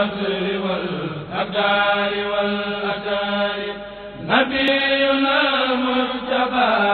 والفجر والأبدار والأسار نبينا مرتبى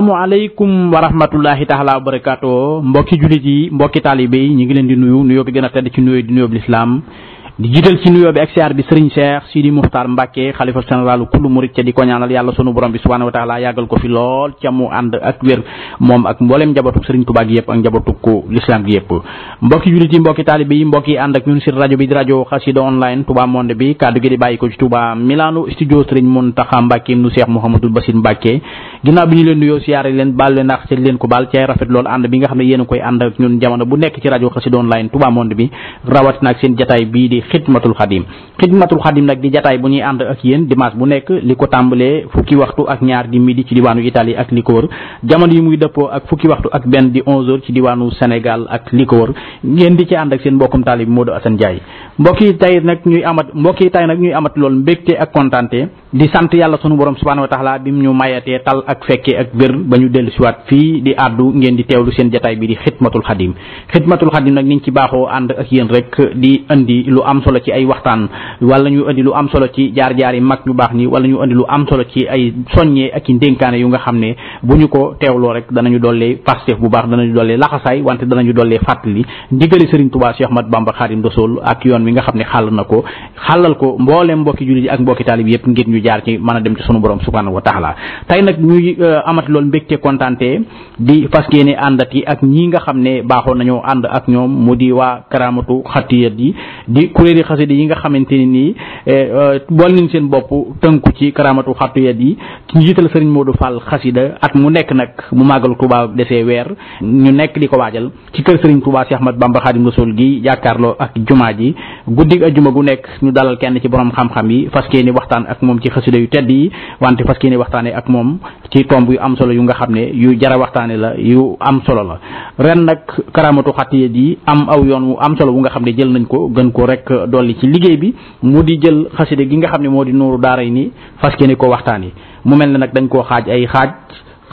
asalaamualeykum wa rahmatullahi taala wa barakaatu mbokki jullit yi mbokki taalibe yi ñu ngi leen di nuyu nuyoo bi gën a tedd ci nuyoo di nuyoo bi lislaam di jiital ci nuyoo bi ak borom bi subhaanahu wa taala yàggal ko fi moom ak mbooleem njabootuk sëriñ Tuubaa gi yëpp ak njabootuk lislaam yëpp mbokki jullit yi mbokki taalibe yi mbokki ànd ak ñun si bi di rajo xasida online Touba Monde bi kàddu gi di bàyyi ko ci Touba Milano studio sëriñ Muntaxa Mbàkke nu Cheikh Mouhamadul Basir Mbàkke ginaaw bi ñu leen nuyoo siyaare leen bal leen ci leen ko ci ay rafet lool ànd bi nga xam ne yéen koy ànd ak ñun jamono bu nekk ci rajo xasid online tuba monde bi rawat nag seen jataay bii di xidmatul xadim xidmatul xadim nag di jataay bu ñuy ànd ak yéen dimanche bu nekk li ko tàmbalee fukki waxtu ak ñaar di midi ci diwaanu italie ak li ko wër jamono yi muy dëppoo ak fukki waxtu ak benn di 11 heures ci diwaanu sénégal ak li ko wër ngeen di ci ànd ak seen mbokkum talib Modou Assane Ndiaye mbokki tay nag ñuy amat mbokki tay nag ñuy amat lool mbégte ak kontante di sant yàlla sunu borom subhanahu wa taala bim ñu mayatee tal ak fekke ak bir bañu delu ci wat fi di addu ngeen di tewlu seen jotaay bi di khidmatul khadim khidmatul khadim nak niñ ci baxo and ak yeen rek di andi lu am solo ci ay waxtaan wala ñu andi lu am solo ci jaar jaar yi mak ñu bax ni wala ñu andi lu am solo ci ay soññee ak i yu nga xam buñu ko tewlo rek danañu dollee fastef bu baax danañu dollee laxasay wante danañu dollee fatali ndigali serigne touba cheikh mat bamba kharim dosol ak yoon wi nga xam xal nako xalal ko xàllal ko mbooleem mbokki jullit ak mbokki talib yépp ngir ñu jaar ci mën dem ci sunu borom subhanahu wa taala tay nak ñu ñuy euh, amati lool mbégte kontaante di fas àndat yi ak ñi nga xam ne baaxoon nañoo ànd ak ñoom mu di waa karaamatu xatiyat yi di kuréeli xasida yi nga xamante ne nii eh, euh, bool nañ seen bopp tënku ci karaamatu xatiyat yi ci njiital sëriñ Modou Fall xasida at mu nekk nag mu màggal Touba defee weer ñu nekk di ko waajal ci kër sëriñ Touba Cheikh Ahmad Bamba Xaadim sol gi jàkkaarloo ak jumaa ji guddig ajuma gu nekk ñu dalal kenn ci borom xam-xam yi fas yéene waxtaan ak moom ci yi wante fas moom ci tomb yu am solo yu nga xam ne yu jara waxtaane la yu am solo la ren nag karaamatu xattiya di am aw yoon wu am solo wu nga xam ne jël nañ ko gën ko rek dolli ci liggéey bi mu di jël xasida gi nga xam ne moo di nuuru daara yi nii fas yéene ko waxtaan yi mu mel ne nag dañ koo xaaj ay xaaj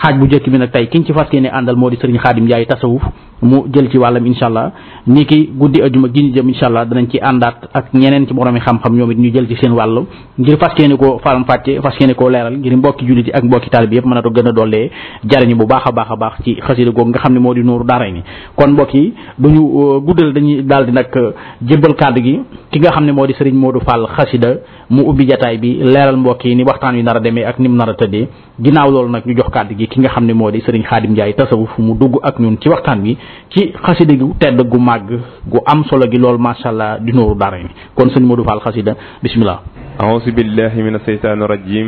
xaaj bu njëkk bi nag tey ki ci fas yéene àndal moo di sëriñ xaadim njaay tasawuf mu jël ci wàllam incha allah ni ki guddi ajuma gi ñu jëm incha allah danañ ci àndaat ak ñeneen ci boroomi xam-xam ñoom it ñu jël ci seen wàll ngir fas yéene ko faram fàcce fas yéene ko leeral ngir mbokki jullit yi ak mbokki taalibe yëpp mën a gën a dollee jariñu bu a baax a baax ci xasida googu nga xam ne moo di nuuru daaray kon mbokk yi ñu uh, guddal dañuy daal di nag uh, jébbal kàddu gi ki nga xam ne moo di sëriñ Modou Fall xasida mu ubbi jataay bi leeral mbokk yi ni waxtaan wi nar a demee ak ni mu nar a tëddee ginnaaw loolu na ñu jox kàddu gi ki nga xam ne moo di sëriñ Xaadim Njaay tasawuf mu dugg ak ñun ci waxtaan wi ci xasida gu tedd gu màgg gu am solo gi lool macha di nooru daara ni kon sëñ Modou Fall xasida bismillah aousu billahi min aseytaan rajim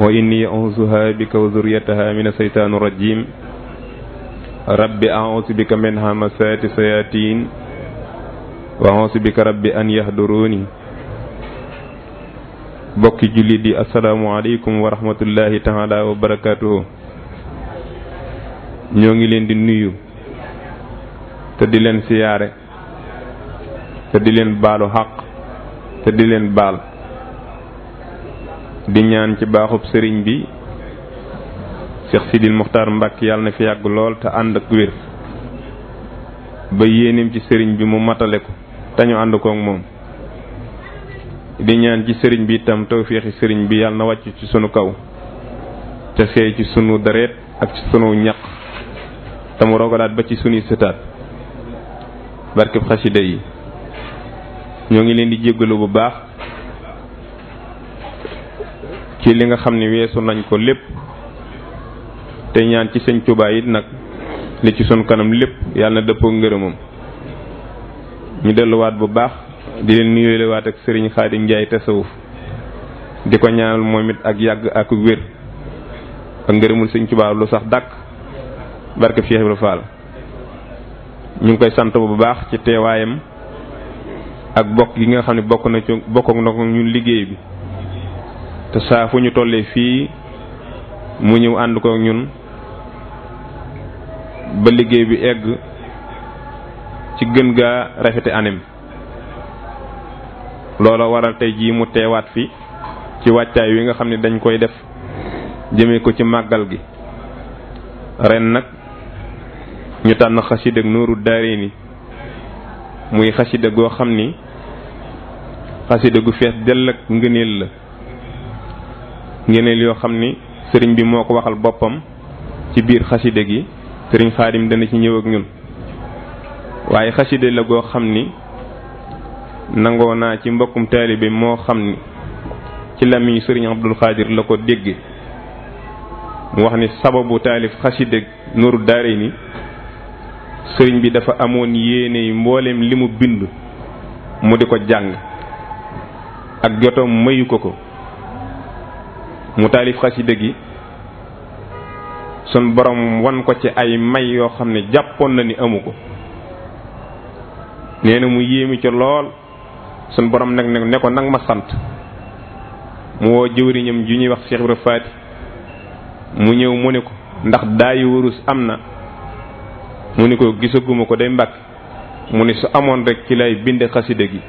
wa inni ausuha bika wa zuriyataha min aseytaan rajim rabbi ausu bika min hamasati sayatin wa ausu bika rabbi an yahduruni bokki jullit yi asalaamualeykum wa rahmatullahi taala wa barakatuhu ñoo ngi leen di nuyu te di leen siyaare te di leen baalu xaq te di leen baal di ñaan ci baaxub sëriñ bi Cheikh Sidil Muxtaar Mbàkke yàlla na fi yàgg lool te ànd ak wér ba yéenim ci sëriñ bi mu matale ko te ñu ànd koog moom di ñaan ci sëriñ bi itam fiixi sëriñ bi yàlla na wàcc ci sunu kaw te xeey ci sunu dareet ak ci sunu ñaq te mu ba ci sunuy sëtaat barkeb xasida yi ñoo ngi leen di jéggalu bu baax ci li nga xam ni weesu nañ ko lépp te ñaan ci sëñ Tuubaa it nag li ci sunu kanam lépp yàlla na dëppoo ngërëmam ñu delluwaat bu baax di leen nuyoolewaat ak sëriñ Xaadim Njaay tasawuf di ko ñaanal moom it ak yàgg ak wér ak ngërëmul sëñ Tuubaa lu sax dàkk barkeb Cheikh Ibrahima ñu ngi koy sant bu baax ci teewaayam ak bokk yi nga xam ne bokk na ci bokkook na ko ñun liggéey bi te saa fu ñu tollee fii mu ñëw ànd kook ñun ba liggéey bi egg ci gën gaa rafete anim loola waral tey jii mu teewaat fi ci wàccaay wi nga xam ne dañ koy def jëme ko ci màggal gi ren nag ñu tànn xasida ak nuuru daare ni muy xasida goo xam ni xasida gu fees dell ak ngëneel la ngëneel yoo xam ni sëriñ bi moo ko waxal boppam ci biir xasida gi sëriñ xaadim dana ci ñëw ak ñun waaye xasida la goo xam ni nangoo naa ci mbokkum taalibe moo xam ni ci làmmiñu sëriñ Abdul Xaadir la ko dégg mu wax ni sababu taalif xasida nuuru daare ni sëriñ bi dafa amoon yéene mbooleem li mu bind mu di ko jàng ak jotoom mayu ko ko mu taalif xasida gi sun borom won ko ci ay may yoo xam ne jàppoon na ni amu ko nee na mu yéemi ci lool sun borom nag ne ko nag ma sant mu woo jëwriñam ju ñuy wax Cheikh Ibra Faati mu ñëw mu ne ko ndax daayi wurus am na mu ni ko gisaguma ko day mbàkk mu ni su amoon rek ci lay bind xasida gi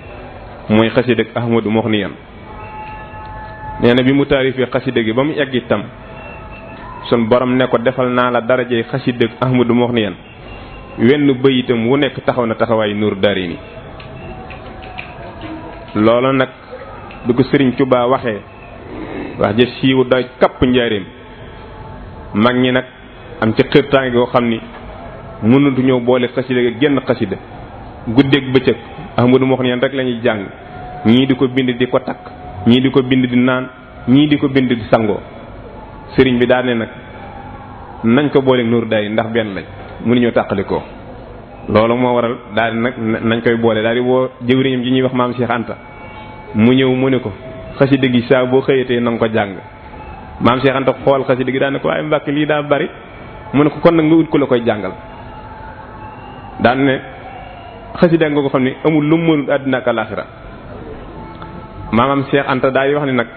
mooy xasida gi ahmadu moxniyan nee na bi mu taarifee xasida gi ba mu egg itam sun borom ne ko defal naa la dara darajey xasida gi ahmadu moxniyan wenn bëyitam wu nekk taxaw na taxawaayu nuur dari ni loolu nag bi ko sëriñ Tuubaa waxee wax ja siiw doy kapp njaareem mag ñi nag am ci xirtaange goo xam ni mënatu ñëw boole xasida ga génn xasida guddeeg bëccëg ahmadu moo xam yeen rek lañuy jàng ñii di ko bind di ko takk ñii di ko bind di naan ñii di ko bind di sangoo sëriñ bi daane nag nañ ko boole nuuru day ndax benn lañ mënuñoo tàqali ko loolu moo waral daal di nag nañ koy boole daal di woo jëwriñam ji ñuy wax maam Cheikh Anta mu ñëw mu ne ko xasida gi saa boo xëyatee na nga ko jàng maam Cheikh Anta xool xasida gi daan ko waaye mbàkk lii daa bari mu ne ko kon nag nga ut la koy jàngal Dan ne xasida nga ko xamni amul lu mënul àddina ka alaxira maamam cheikh anta day wax ni nak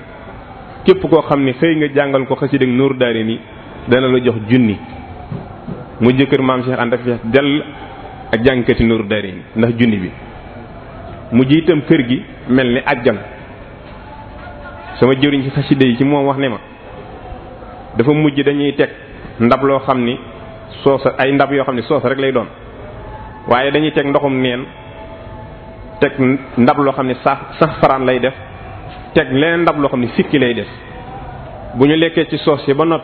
kep ko xamni nga jangal ko xasida nur dari ni dana la jox junni mu jeuker mam cheikh anta fees del ak jàngkati nur daari ndax junni bi mu jitam keur gi melni ni ajjan sama jeurign ci xasida yi ci mom wax ne ma dafa mujj dañuy tek ndab lo xamni sosa ay ndab yo xamni sosa rek lay doon waaye dañuy teg ndoxum neen teg ndab loo xam ne sax sax lay def teg leneen ndab loo xam ne sikki lay def bu ñu lekkee ci soos si ba not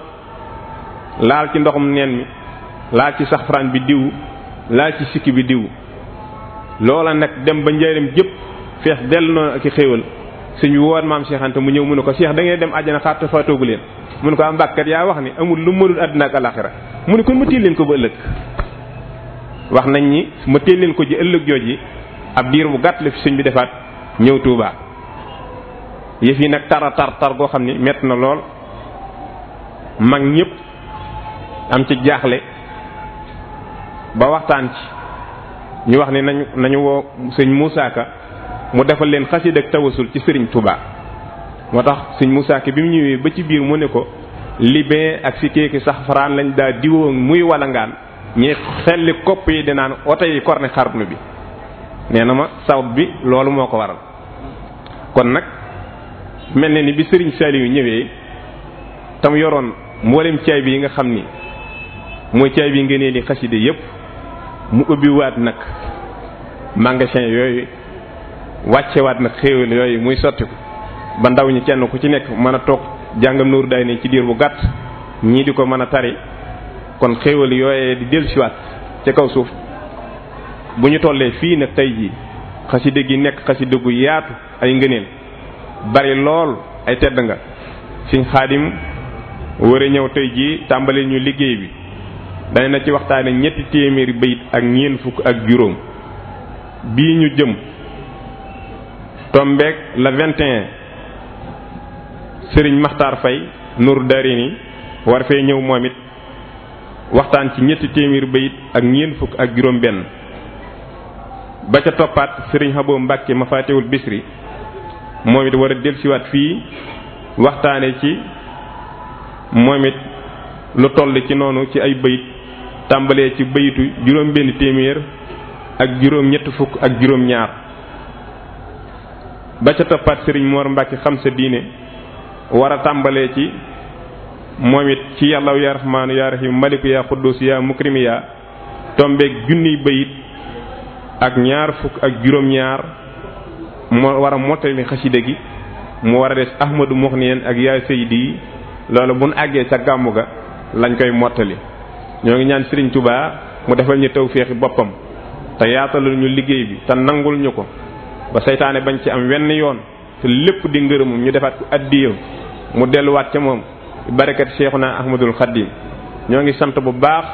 laal ci ndoxum neen mi laal ci sax faraan bi diw laal ci sikki bi diw loola nag dem ba njëriñ jëpp fees dellu noonu ak i xéewal suñu woon maam Cheikh mu ñëw munu ko Cheikh da ngay dem àjjana xaar te faatoogu leen mu ne ko am ah, mbàkkat yaa wax ni amul lu mënul àddina ak alaxira mu ne kon ma tiil ko ba ëllëg wax nañ ni ma teel leen ko ji ëllëg jooji ab diir bu gàtt la fi sëñ bi defaat ñëw Touba. yëf yi nag tara tar tar goo xam ni mett na lool mag ñépp am ci jaaxle ba waxtaan ci ñu wax ni nañu nañu woo sëñ Moussa mu defal leen xasida ak tawasul ci sëriñ Touba. moo tax sëñ Moussa bi mu ñëwee ba ci biir mu ne ko libin ak si kéeki sax faraan lañ daa diwoo muy walangaan ñi xelli kopp yi di naan oto yi corne xarnu bi nee na ma sawut bi loolu moo ko waral kon nag mel na ni bi sëriñ Saliou ñëwee tam yoroon mboolem caay bi yi nga xam ni mooy caay bi ngeen li xaside yépp mu ubbiwaat nag magasin yooyu wàccewaat nag xéewal yooyu muy sotti ba ndaw ñi kenn ku ci nekk mën a toog jàngam nuur day ne ci diir bu gàtt ñii di ko mën a tari kon xéewal yooyee di dellu siwaat ca kaw suuf bu ñu tollee fii nag tey jii xaside gi nekk xaside gu yaatu ay ngëneel bari lool ay tedd nga siñ xaadim war ñëw tey jii tàmbali ñu liggéey bi dana na ci waxtaane ñetti téeméeri bayit ak ñeent fukk ak juróom bii ñu jëm tombeek la sëriñ maxtaar fay nur darini war fee ñëw moom it waxtaan ci ñett téeméer bayit ak fukk ak juróom ba ca toppaat sëriñ Xaboo Mbàkke ma faatewul bisri moom it war a dellusiwaat fii waxtaane ci moom it lu toll ci noonu ci ay bayit tàmbalee ci bayitu juróom benn téeméer ak juróom ñett fukk ak juróom ñaar ba ca toppaat sëriñ Moor Mbàkke xam sa diine war tàmbalee ci moom it ci yàllaw yaa raxmaanu yaa raxiim maliku yaa xuddus yaa mukrim yaa tombeeg junniy bayit ak ñaar fukk ak juróom-ñaar moo war a mottali xaside gi mu war a des ahmadu muxniyen ak yaa seydi yi loolu bu nu àggee ca gàmmu ga lañ koy mottali ñoo ngi ñaan Serigne tubaa mu defal ñu tawféexi boppam te yaatalul ñu liggéey bi te nangul ñu ko ba seytaane bañ ci am wenn yoon te lépp di ngërëmum ñu defaat ko addiya mu delluwaat ca moom barakat Cheikhuna Ahmadul Khadim ñoo ngi sant bu baax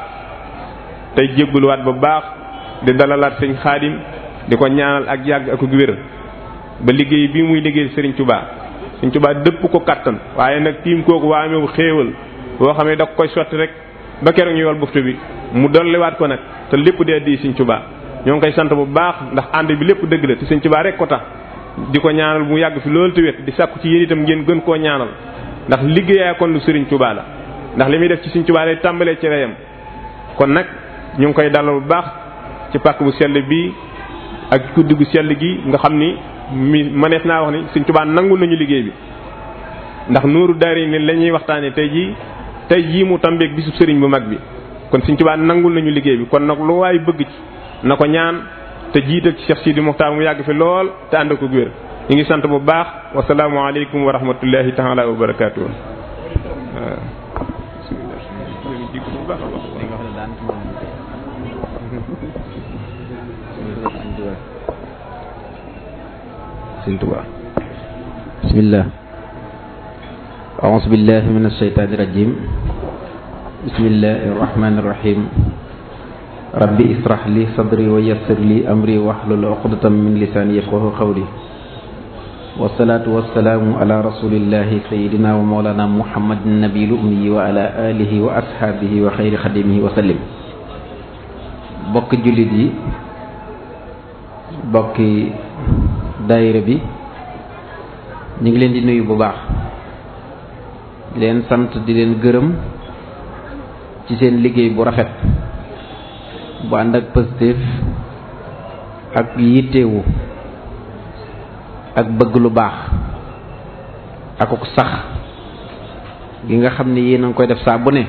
tey jégguluwaat bu baax di dalalaat sëñ xaadim di ko ñaanal ak yàgg ak wér ba liggéey bii muy liggéey sëriñ Touba sëriñ Touba dëpp ko kattan waaye nag tiim kooku waa meew xéewal boo xam ne ko koy sotti rek ba keroog ñu yool buftu bi mu dolliwaat ko nag te lépp dee di sëriñ Touba ñoo ngi koy sant bu baax ndax ànd bi lépp dëgg la te sëriñ Touba rek ko tax di ko ñaanal mu yàgg fi loolu te di sàkku ci yéen ngeen gën koo ñaanal ndax liggéeyaa kon lu sëriñ Touba la ndax li muy def ci Serigne Touba lay tàmbalee ci yam kon nag ñu ngi koy dalal bu baax ci pàkk bu sell bi ak guddi gu sell gi nga xam ni mi mënees naa wax ni Serigne Touba nangul nañu liggéey bi ndax nuuru daari ni la ñuy waxtaanee tey jii tey jii mu tàmbeeg bisu sëriñ bu mag bi kon Serigne Touba nangu nañu liggéey bi kon nag lu waay bëgg ci na ko ñaan te jiital ci Cheikh Sidi Mokhtar mu yàgg fi lool te ànd ko wér ñu ngi sant bu baax wasalaamualeykum wa rahmatullahi taala wa barakaatu. بسم الله أعوذ بالله من الشيطان الرجيم بسم الله الرحمن الرحيم ربي اشرح لي صدري ويسر لي أمري واحلل عقدة من لساني يفقه قولي wasalaatu wasalaamu ala rasulillahi sayidina wa moolana muhammadin nabiil ummi wa ala alihi wa ashaabihi wa xayri xadimihi wa sallim bokki jullit yi bokki daayira bi ñu ngi leen di nuyu bu baax leen sant di leen gërëm ci seen liggéey bu rafet bu ànd ak positif ak yittewu ak bëgg lu baax ko sax gi nga xamni yi nang koy def sa bu ne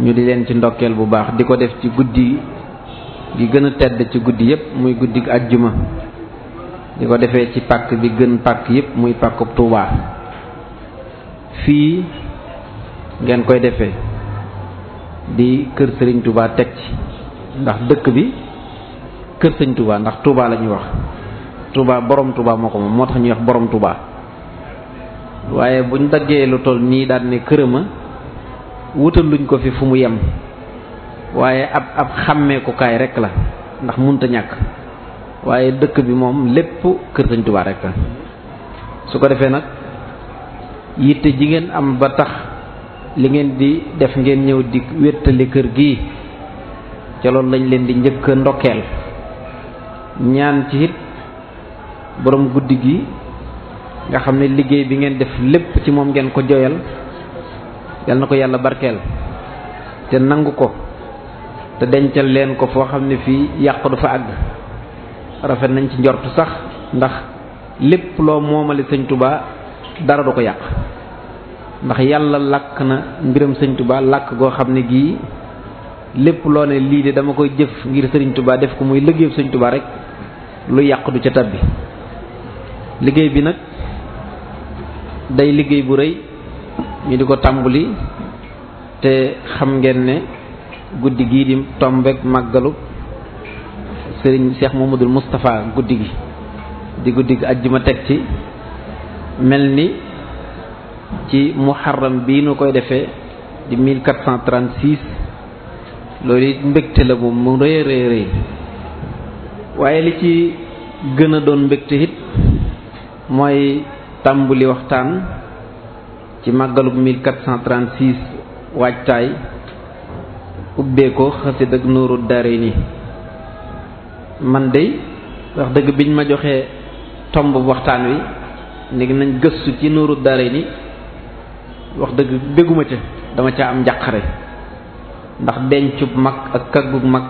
ñu di len ci ndokkel bu baax diko def ci guddi gi gëna tedd ci guddi yépp muy guddi ajjuma di ko defee ci pak bi gën pak yépp muy pàkkub touba fi ngeen koy defé di kër serigne touba tek ci ndax dëkk bi kër serigne touba ndax touba la wax tuba borom tuba moko mom motax ñuy wax borom tuba waye buñ daggé lu toll ni daal ne kërëma wutal luñ ko fi fu mu yam waye ab ab xamé ko kay rek la ndax muñta ñak waye dëkk bi mom lepp kër señ tuba rek la su ko defé nak yitte ji ngeen am ba tax li ngeen di def ngeen ñew di wétali kër gi ci lañ leen di ndokkel ñaan ci borom guddigi nga xamne liggey bi ngeen def lip ci mom ngeen ko joyal yal nako yalla barkel te nangu ko te dencal len ko fo xamne fi yaq du fa ag rafet nañ ci njortu sax ndax lepp lo moomale seigne touba dara du ko yaq ndax yalla lak na mbiram seigne touba lak go xamne ne gii lo ne li de dama koy jëf ngir seigne touba def ko muy liggey seigne touba rek lu yaq du ci tabbi liggéey bi nag day liggéey bu rëy ñu di ko tàmbuli te xam ngeen ne guddi gii di tombeek màggalu sëriñ Cheikh Mamadul Moustapha guddi gi di guddi gi ma teg ci mel ni ci muharram bi nu koy defee di 1436 loolu it mbégte la moom mu rëy rëy rëy waaye li ci gën doon mbégte it mooy tàmbuli waxtaan ci màggalub 1436 waajtaay ubbee ko xasid ak nuuru dare ni man de wax dëgg biñ ma joxee tomb waxtaan wi léegi nañ gëstu ci nuuru dare ni wax dëgg bëgguma ca dama ca am njàqare ndax dencub mag ak kaggug mag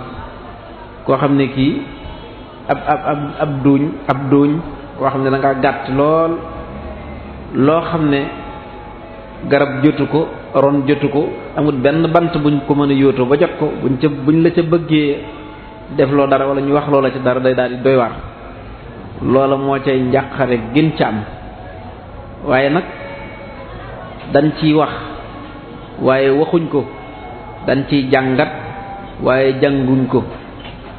koo xam ne kii ab ab ab ab duuñ ab duuñ boo xam ne danga ngaa gàtt lool loo xam ne garab jotu ko ron jotu ko amul benn bant buñ ko mën a yóotoo ba jot ko buñ ca buñ la ca bëggee def loo dara wala ñu wax loola ci dara day daal di doy waar loola moo cay njàqare gën ca am waaye nag dañ ciy wax waaye waxuñ ko dañ ciy jàngat waaye jànguñ ko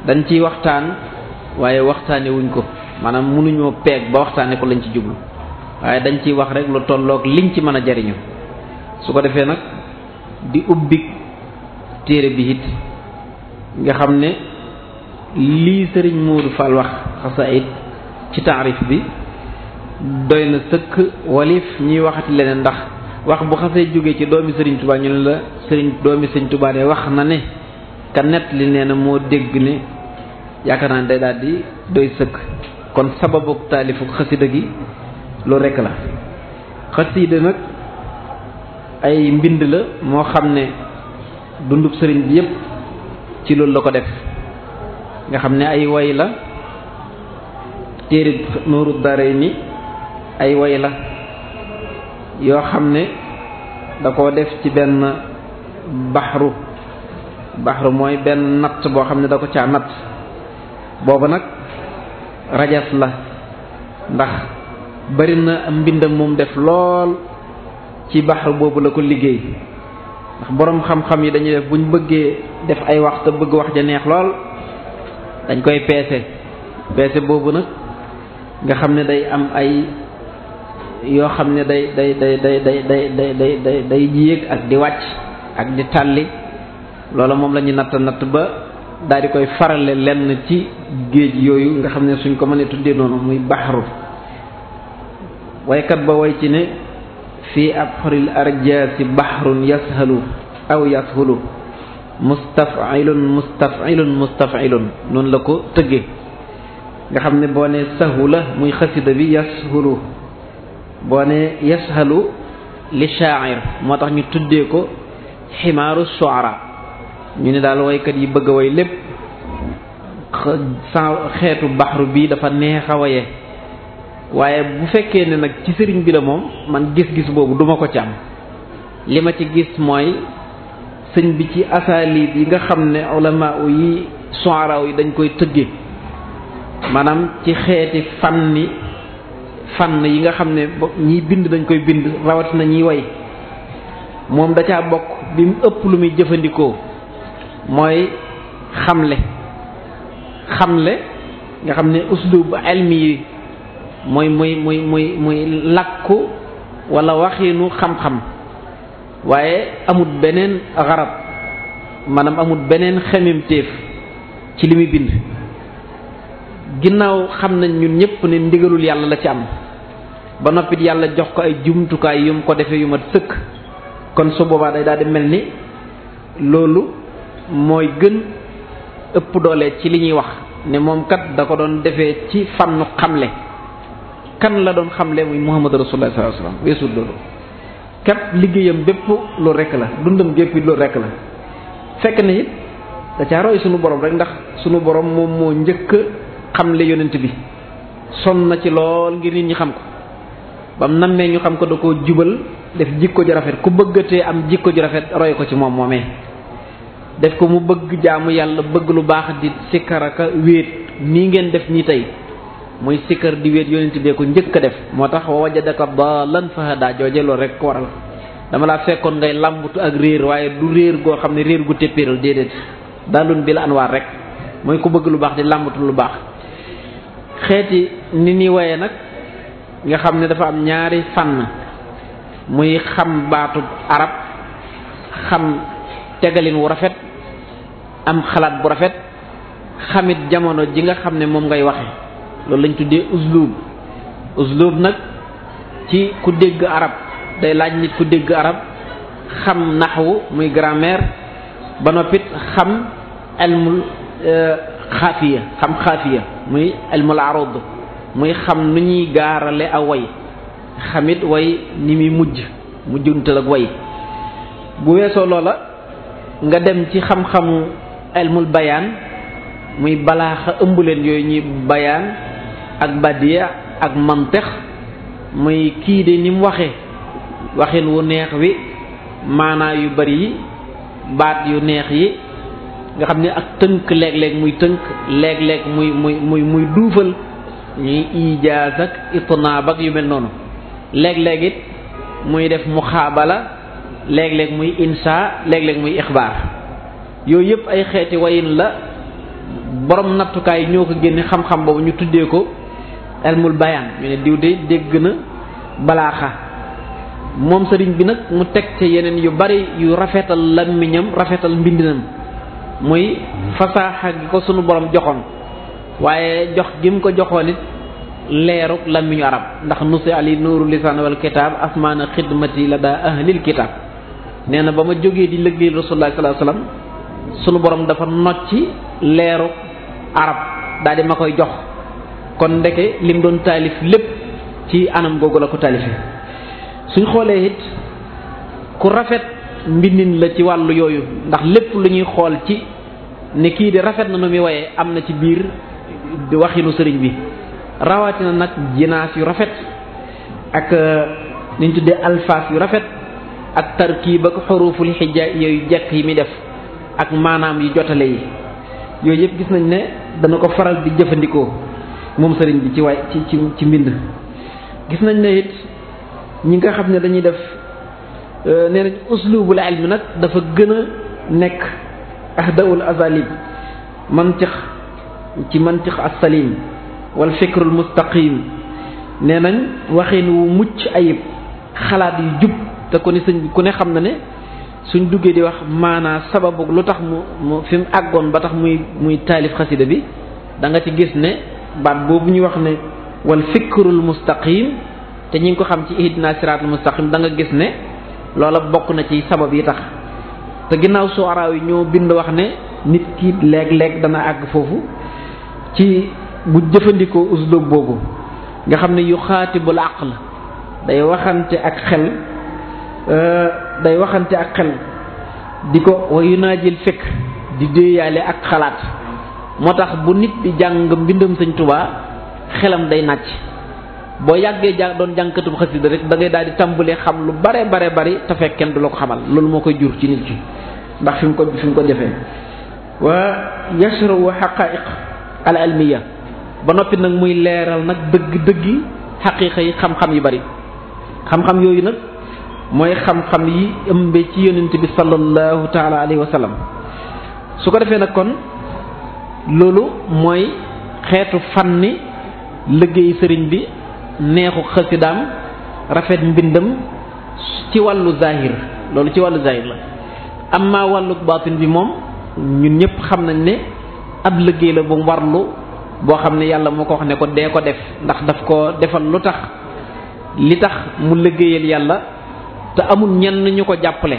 dañ ciy waxtaan waaye waxtaanewuñ ko maanaam mënuñoo peeg ba waxtaane ko lañ ci jublu waaye dañ ciy wax rek lu tolloog liñ ci mën a jariñu su ko defee nag di ubbik téere bi it nga xam ne lii sëriñ Moodu Fall wax xasaayit ci taarif bi doy na sëkk walif ñuy waxati leneen ndax wax bu xasee jógee ci doomi sëriñ Tuubaa ñu ne la sëriñ doomi sëriñ Tuubaa de wax na ne ka nett li nee na moo dégg ne yaakaar naa ne day daal di doy sëkk kon sababu taalifu xasida gi loolu rekk la xasida nag ay mbind la moo xam ne dundub sëriñ bi yépp ci loolu la ko def nga xam ne ay way la téere nuuru daaray ni ay way la yoo xam ne da koo def ci benn baxru baxru mooy benn natt boo xam ne da ko caa natt booba nag rajas la ndax bari na mbindam moom def lool ci baxar boobu la ko liggéey ndax boroom xam-xam yi dañuy def buñ bëggee def ay wax bëgg wax ja neex lool dañ koy peese peese boobu nag nga xam ne day am ay yoo xam ne day day day day day day day day day day yéeg ak di wàcc ak di tàlli loolu moom lañuy ñuy natt natt ba daal di koy farale lenn ci géej yooyu nga xam ne suñ ko mënee tuddee noonu muy baxaru waykat ba way ci ne fii abxuril arjaasi baxrun yashalu aw yashulu mustafilun mustafilun mustafilun noonu la ko tëggee nga xam ne boo ne sahula muy xasida bi yashulu boo ne yashalu li shaacir moo tax ñu tuddee ko ximaaru shuara ñu ne daal woykat yi bëgg a way lépp xeetu baxru bi dafa neex a woye waaye bu fekkee ne nag ci sëriñ bi la moom man gis-gis boobu duma ko ci am li ma ci gis mooy sëñ bi ci asaalib yi nga xam ne ulama yi soaraw yi dañ koy tëgge maanaam ci xeeti fànni fànn yi nga xam ne ñiy bind dañ koy bind rawatina ñiy woy moom da caa bokk bi ëpp lu muy jëfandikoo mooy xamle xamle nga xam ne uslub elmi yi mooy muy muy muy muy làkku wala waxiinu xam-xam waaye amut beneen xarab maanaam amut beneen xememteef ci li muy bind ginnaaw xam nañ ñun ñëpp ne ndigalul yàlla la ci am ba noppit yàlla jox ko ay jumtukaay yum ko defee yu mat sëkk kon su boobaa day daal mel ni loolu mooy gën ëpp doole ci li ñuy wax ne moom kat da ko doon defee ci fànnu xamle kan la doon xamle muy muhammad rasulullah sallallahu alayhi wasallam weesul loolu kat liggéeyam bépp lu rekk la dundam gépp lu rekk la fekk na it da caa roy sunu borom rek ndax sunu borom moom moo njëkk xamle yonent bi sonn na ci lool ngir nit ñi xam ko bam nammee ñu xam ko da ko jubal def jikko ju rafet ku bëggatee am jikko ju rafet roy ko ci moom moomee def ko mu bëgg jaamu yàlla bëgg lu baax di sikkar aka wéet nii ngeen def nii tey muy sikkar di wéet yonent bee ko njëkk a def moo tax wa wajadaka daalan fahadaa jooje loolu rek ko waral dama laa fekkoon ngay làmbatu ak réer waaye du réer goo xam ne réer gu téppéeral déedéet bi bil anwaar rek mooy ku bëgg lu baax di làmbatu lu baax xeeti ni ñi waye nag nga xam ne dafa am ñaari fànn muy xam baatub arab xam tegalin wu rafet am xalaat bu rafet xamit jamono ji nga xam ne moom ngay waxe loolu lañ tuddee uslub uslub nag ci ku dégg arab day laaj nit ku dégg arab xam naxwu muy grammaire ba noppit xam elmul euh, xaafiya xam xaafiya muy elmul arud muy xam nu ñuy gaarale aw way xamit way ni muy mujj mujjuntal ak way bu weesoo loola nga dem ci xam-xamu ilmul bayaan muy balaaxa ëmb leen yooyu ñuy bayaan ak badiya ak mantex muy kii de ni waxe waxee waxin wu neex wi maanaa yu bari yi baat yu neex yi nga xam ne ak tënk léeg-léeg muy tënk léeg-léeg muy muy muy muy duufal ñuy ijaaz ak itnaab ak yu mel noonu léeg-léeg muy def mu muxaabala léeg-léeg muy insa léeg-léeg muy ixbaar yooyu yëpp ay xeeti wayin la borom nattukaay ñoo ko génne xam-xam boobu ñu tuddee ko elmul bayaan ñu ne diw de dégg na balaaxa moom sëriñ bi nag mu teg ca yeneen yu bari yu rafetal làmmiñam rafetal mbindinam muy fasaaxa gi ko sunu borom joxoon waaye jox gi mu ko joxoon it leeruk làmmiñu arab ndax nusi ali nuuru lisaan wal kitaab asmaana xidmati la daa ahlil kitaab nee na ba ma jógee di liggéeyal rasulullah sallallahu alayhi wasallam sunu borom dafa nocci leeru arab daal ma koy jox kon ndeke lim doon taalif lépp ci anam googu la ko taalifee suñ xoolee it ku rafet mbindin la ci wàllu yooyu ndax lépp lu ñuy xool ci ne kii de rafet na nu muy woyee am na ci biir waxinu sëriñ bi rawatina nag jinaas yu rafet ak euh, niñ tuddee alfaas yu rafet ak tarkib ak xuruful xijja yooyu jekk yi mi def ak manam yu jotale yi yoy yëpp gis nañ ne dana ko faral di jefandiko mom serign bi ci way ci ci ci mbind gis nañ ne it ñi nga xamne dañuy def nee nañ uslubul ilm nak dafa gëna nek ahdaul ahdawul azalib mantiq ci mantiq salim wal fikr al mustaqim neenañ nañ waxin wu mucc ayib xalaat yu jup te ku ne bi ku ne xam na ne suñ duggee di wax maanaa sababu lu tax mu mu fi mu àggoon ba tax muy muy taalif xasida bi da nga ci gis ne baat boobu ñu wax ne wal fikrul mustaqim te ñi ngi ko xam ci ihdina siraatul mustaqim da nga gis ne loola bokk na ci sabab yi tax te ginnaaw suaraaw yi ñoo bind wax ne nit ki léeg-léeg dana àgg foofu ci bu jëfandikoo uslub boobu nga xam ne yu xaatibul la day waxante ak xel Euh, day waxante ak xel di ko yu yunaajil fikr di déeyaale ak xalaat moo tax bu nit di jàng mbindam sëñ tubaa xelam day nàcc boo yàggee jàng doon jàngkatub xasida rek da ngay daal di tàmbalee xam lu bare bare bari te fekk kenn du la ko xamal loolu moo koy jur ci nit ki ndax fi mu ko fi mu ko defee wa yashrawu xaqaiq al almiya ba noppi nag muy leeral nag dëgg dëggi xaqiiqa yi xam-xam yu bari xam-xam yooyu nag mooy xam-xam yi ëmbe ci yonent bi sallallahu taala alayhi wa sallam su ko defee nag kon loolu mooy xeetu fànni liggéey sëriñ bi neexu xasidaam rafet mbindam ci wàllu zahir loolu ci wàllu zahir la amma wàllu baatin bi moom ñun ñëpp xam nañ ne ab liggéey la bu warlu boo xam ne yàlla moo ko wax ne ko dee ko def ndax daf ko defal lu tax li tax mu liggéeyal yàlla te amul ñenn ñu ko jàppale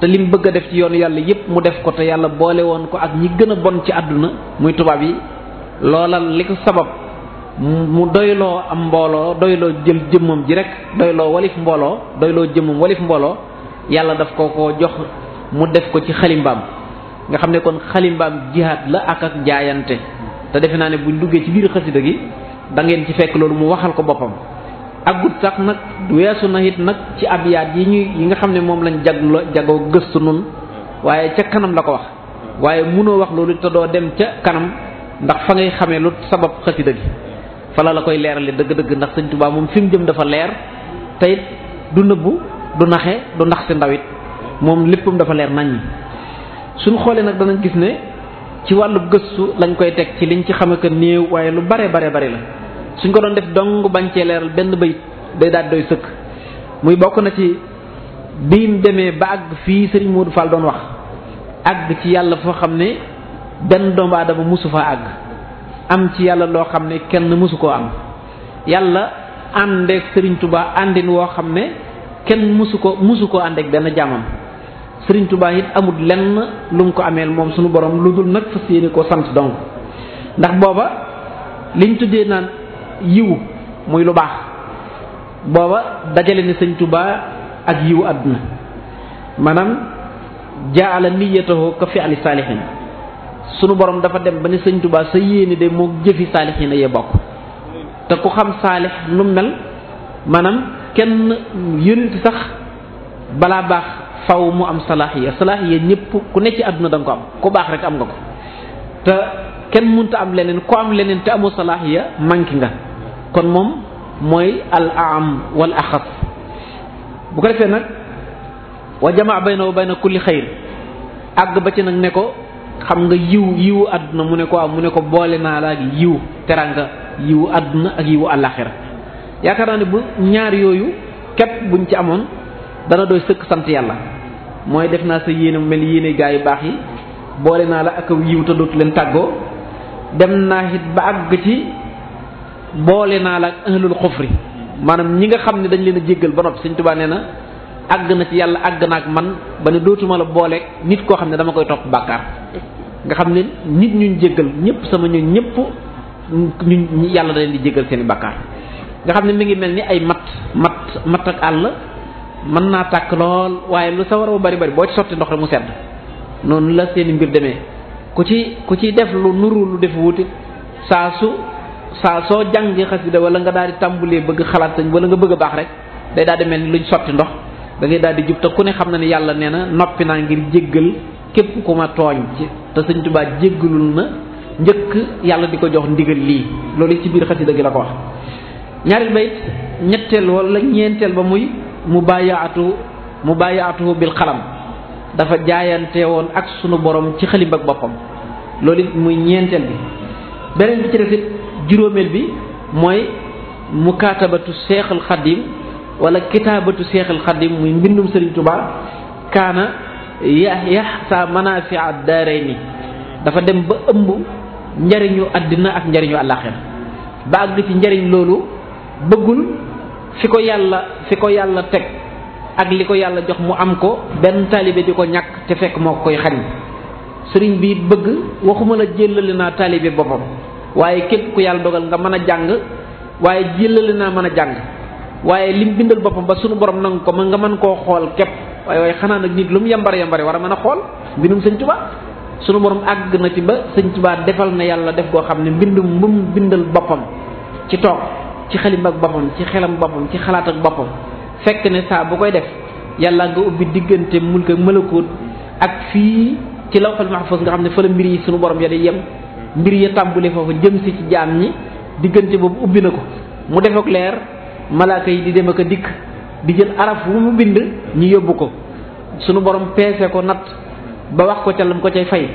te lim bëgg a def ci yoonu yàlla yépp mu def ko te yàlla boole woon ko ak ñi gën a bon ci àdduna muy tubaab yi loola li ko sabab mu doyloo am mbooloo doyloo jël jëmmam ji rek doyloo walif mbooloo doyloo jëmmam walif mbooloo yàlla daf ko ko jox mu def ko ci xalimbaam nga xam ne kon xalimbaam jihaad la ak ak jaayante te defe naa ne buñ duggee ci biir xasida gi da ngeen ci fekk loolu mu waxal ko boppam aggut sax nag weesu na it nag ci abiyaat yi ñuy yi nga xam ne moom lañ jagloo jagoo gëstu nun waaye ca kanam la ko wax waaye munoo wax loolu te doo dem ca kanam ndax fa ngay xamee lu sabab xasida gi fala la koy leerale dëgg-dëgg ndax sëñ Tuubaa moom fi mu jëm dafa leer tey du nëbbu du naxe du ndax si ndaw it moom léppam dafa leer nañ ñi suñ xoolee nag danañ gis ne ci wàllu gëstu lañ koy teg ci liñ ci xam que néew waaye lu bare bare bari la suñ ko doon def dong bañ cee leeral benn bayit day daal doy sëkk muy bokk na ci biim demee ba àgg fii Serigne Modou Fall doon wax àgg ci yàlla foo xam ne benn doomu aadama mosu faa àgg am ci yàlla loo xam ne kenn mosu koo am yàlla àndeek Serigne àndin woo xam ne kenn mosu ko mosu koo àndeek benn jàmmam Serigne tubaa it amul lenn lu ko ameel moom sunu borom lu dul nag fas yéene koo sant dong ndax booba liñ tuddee naan. yiw muy lu baax booba dajale ni sëñ tubaa ak yiw àdduna maanaam jaala niyatahu ka fi ali saalihin sunu borom dafa dem ba ne sëñ tubaa sa yéene de moo jëfi saalihin yee bokk te ku xam saalix nu mel maanaam kenn yónent sax balaa baax faw mu am salaaxiya salaaxiya ñëpp ku ne àdduna da nga ko am ku baax rek am nga ko te kenn mënta am leneen ku am leneen te amoo salaaxiya manqué nga kon moom mooy al aam wal axas bu ko nag wa jamaa bayna wa bayna kulli xayr àgg ba ci nag ne ko xam nga yiw yiwu àdduna mu ne ko waaw mu ne ko boole naa la ak yiw teranga yiwu àdduna ak yiwu àllaaxira yaakaar naa ne bu ñaar yooyu képp buñ ci amoon dana doy sëkk sant yàlla mooy def naa sa yéene mel yéene gaa yu baax yi boole naa la ak yiw te dootu leen tàggoo dem naa ba àgg ci boole naa la ak ahlul xufri maanaam ñi nga xam ne dañ leen a jéggal ba noppi Sëriñ Tuubaa nee na àgg na ci yàlla àgg na ak man ba ne dootuma la booleek nit koo xam ne dama koy topp bàkkaar nga xam ne nit ñuñ jéggal ñëpp sama ñun ñëpp ñu yàlla daleen di jéggal seen i bàkkaar nga xam ne mi ngi mel ni ay mat mat mat ak àll mën naa tàkk lool waaye lu sa war a bari bari boo ci sotti ndox rek mu sedd noonu la seen mbir demee ku ci ku ci def lu nuru lu saa soo jàngee xasida wala nga daal di tàmbulee bëgg xalaat sañ wala nga bëgg baax rek day daal di mel ni luñ sotti ndox da ngay daal di jub te ku ne xam na ne yàlla nee na noppi naa ngir jéggal képp ku ma tooñ te sëñ Tuubaa jéggalul na njëkk yàlla di ko jox ndiggal lii loolu ci biir xasida gi la ko wax ñaareel ba ñetteel walla ñeenteel ba muy mu bàyyi atu mu bàyyi bàyyaatu bil xalam dafa jaayante woon ak sunu boroom ci xalim ak boppam loolu it muy ñeenteel bi juróomeel bi mooy mukaatabatu seexal xaddim wala kitaabatu seexal xaddim muy mbindum sëriñ tubaa kaana yaxsa manafia daarayni dafa dem ba ëmb njariñu àddina ak njariñu àllaaxira ba àgg ci njariñ loolu bëggul fi ko yàlla fi ko yàlla teg ak li ko yàlla jox mu am ko benn taalibe di ko ñàkk te fekk moo koy xañ sëriñ bi bëgg waxuma la jëlale naa taalibe boppam waaye képp ku yàlla dogal nga mën a jàng waaye jëlale naa mën a jàng waaye lim bindal boppam ba suñu borom nangu ko man nga mën koo xool képp waaye waaye xanaa nag nit lu mu yambare yambare war a mën a xool mbindum sëñ Tuba suñu borom àgg na ci ba sëñ tubaa defal na yàlla def koo xam ne mbindum mu bindal boppam ci toog ci xalim ak boppam ci xelam boppam ci xalaat ak boppam fekk ne saa bu koy def yàlla nga ubbi diggante mulk ak malakoot ak fii ci lawxal nga xam ne fa mbir yi borom ya yem mbir ya tàmbule foofu jëm ci jaan ñi diggante boobu ubbi na ko mu def ak leer malaaka yi di dem ak a dikk di jël araf wu mu bind ñu yóbbu ko sunu borom peese ko natt ba wax ko ca lam ko cay fay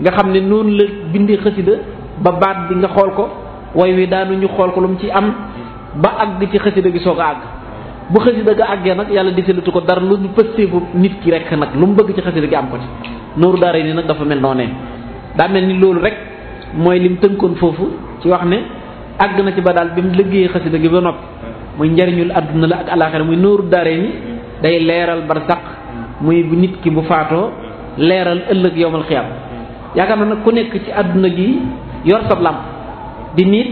nga xam ne noonu la bindi xasida ba baat bi nga xool ko way wi daanu ñu xool ko lu mu ci am ba àgg ci xasida gi soog a àgg bu xasida ga àggee nag yàlla di desalatu ko dara lu du pëstéefu nit ki rek nag lu mu bëgg ci xasida gi am ko ci nooru daara ni nag dafa mel daa mel ni mooy lim tënkoon foofu ci wax ne àgg na ci ba daal bi mu liggéeyee xasida gi ba noppi muy njariñul àdduna la ak alaaxira muy nooru dare day leeral barsaq muy bu nit ki bu faatoo leeral ëllëg yowmal xiyam yaakaar na nag ku àdduna gi yor sab làmp di niit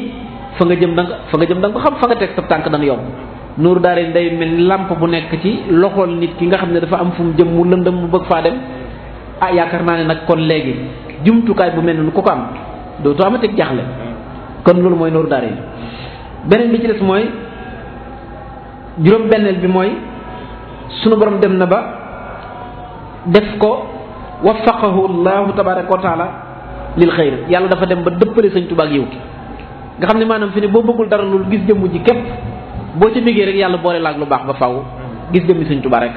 jëm danga fa nga jëm danga ko xam teg sab tànk dana yomb nooru daare ni day mel làmp bu nekk ci loxool nit ki nga xam ne dafa am fu jëm mu lëndëm mu bëgg faa dem ah yaakaar naa ne nag kon léegi jumtukaay bu mel noonu ku ko am dootoo amati jaaxle kon loolu mooy nooru daara beneen bi ci des mooy juróom-benneel bi mooy sunu borom dem na ba def ko waffaqahu llahu tabaraka wa taala lil xayr yàlla dafa dem ba dëppale sëñ Tuubaa ak yow ki nga xam ne maanaam fi ne boo bëggul dara loolu gis jëmm ji képp boo ci liggéey rek yàlla boole laag lu baax ba faaw gis jëmmi sëñ Tuubaa rek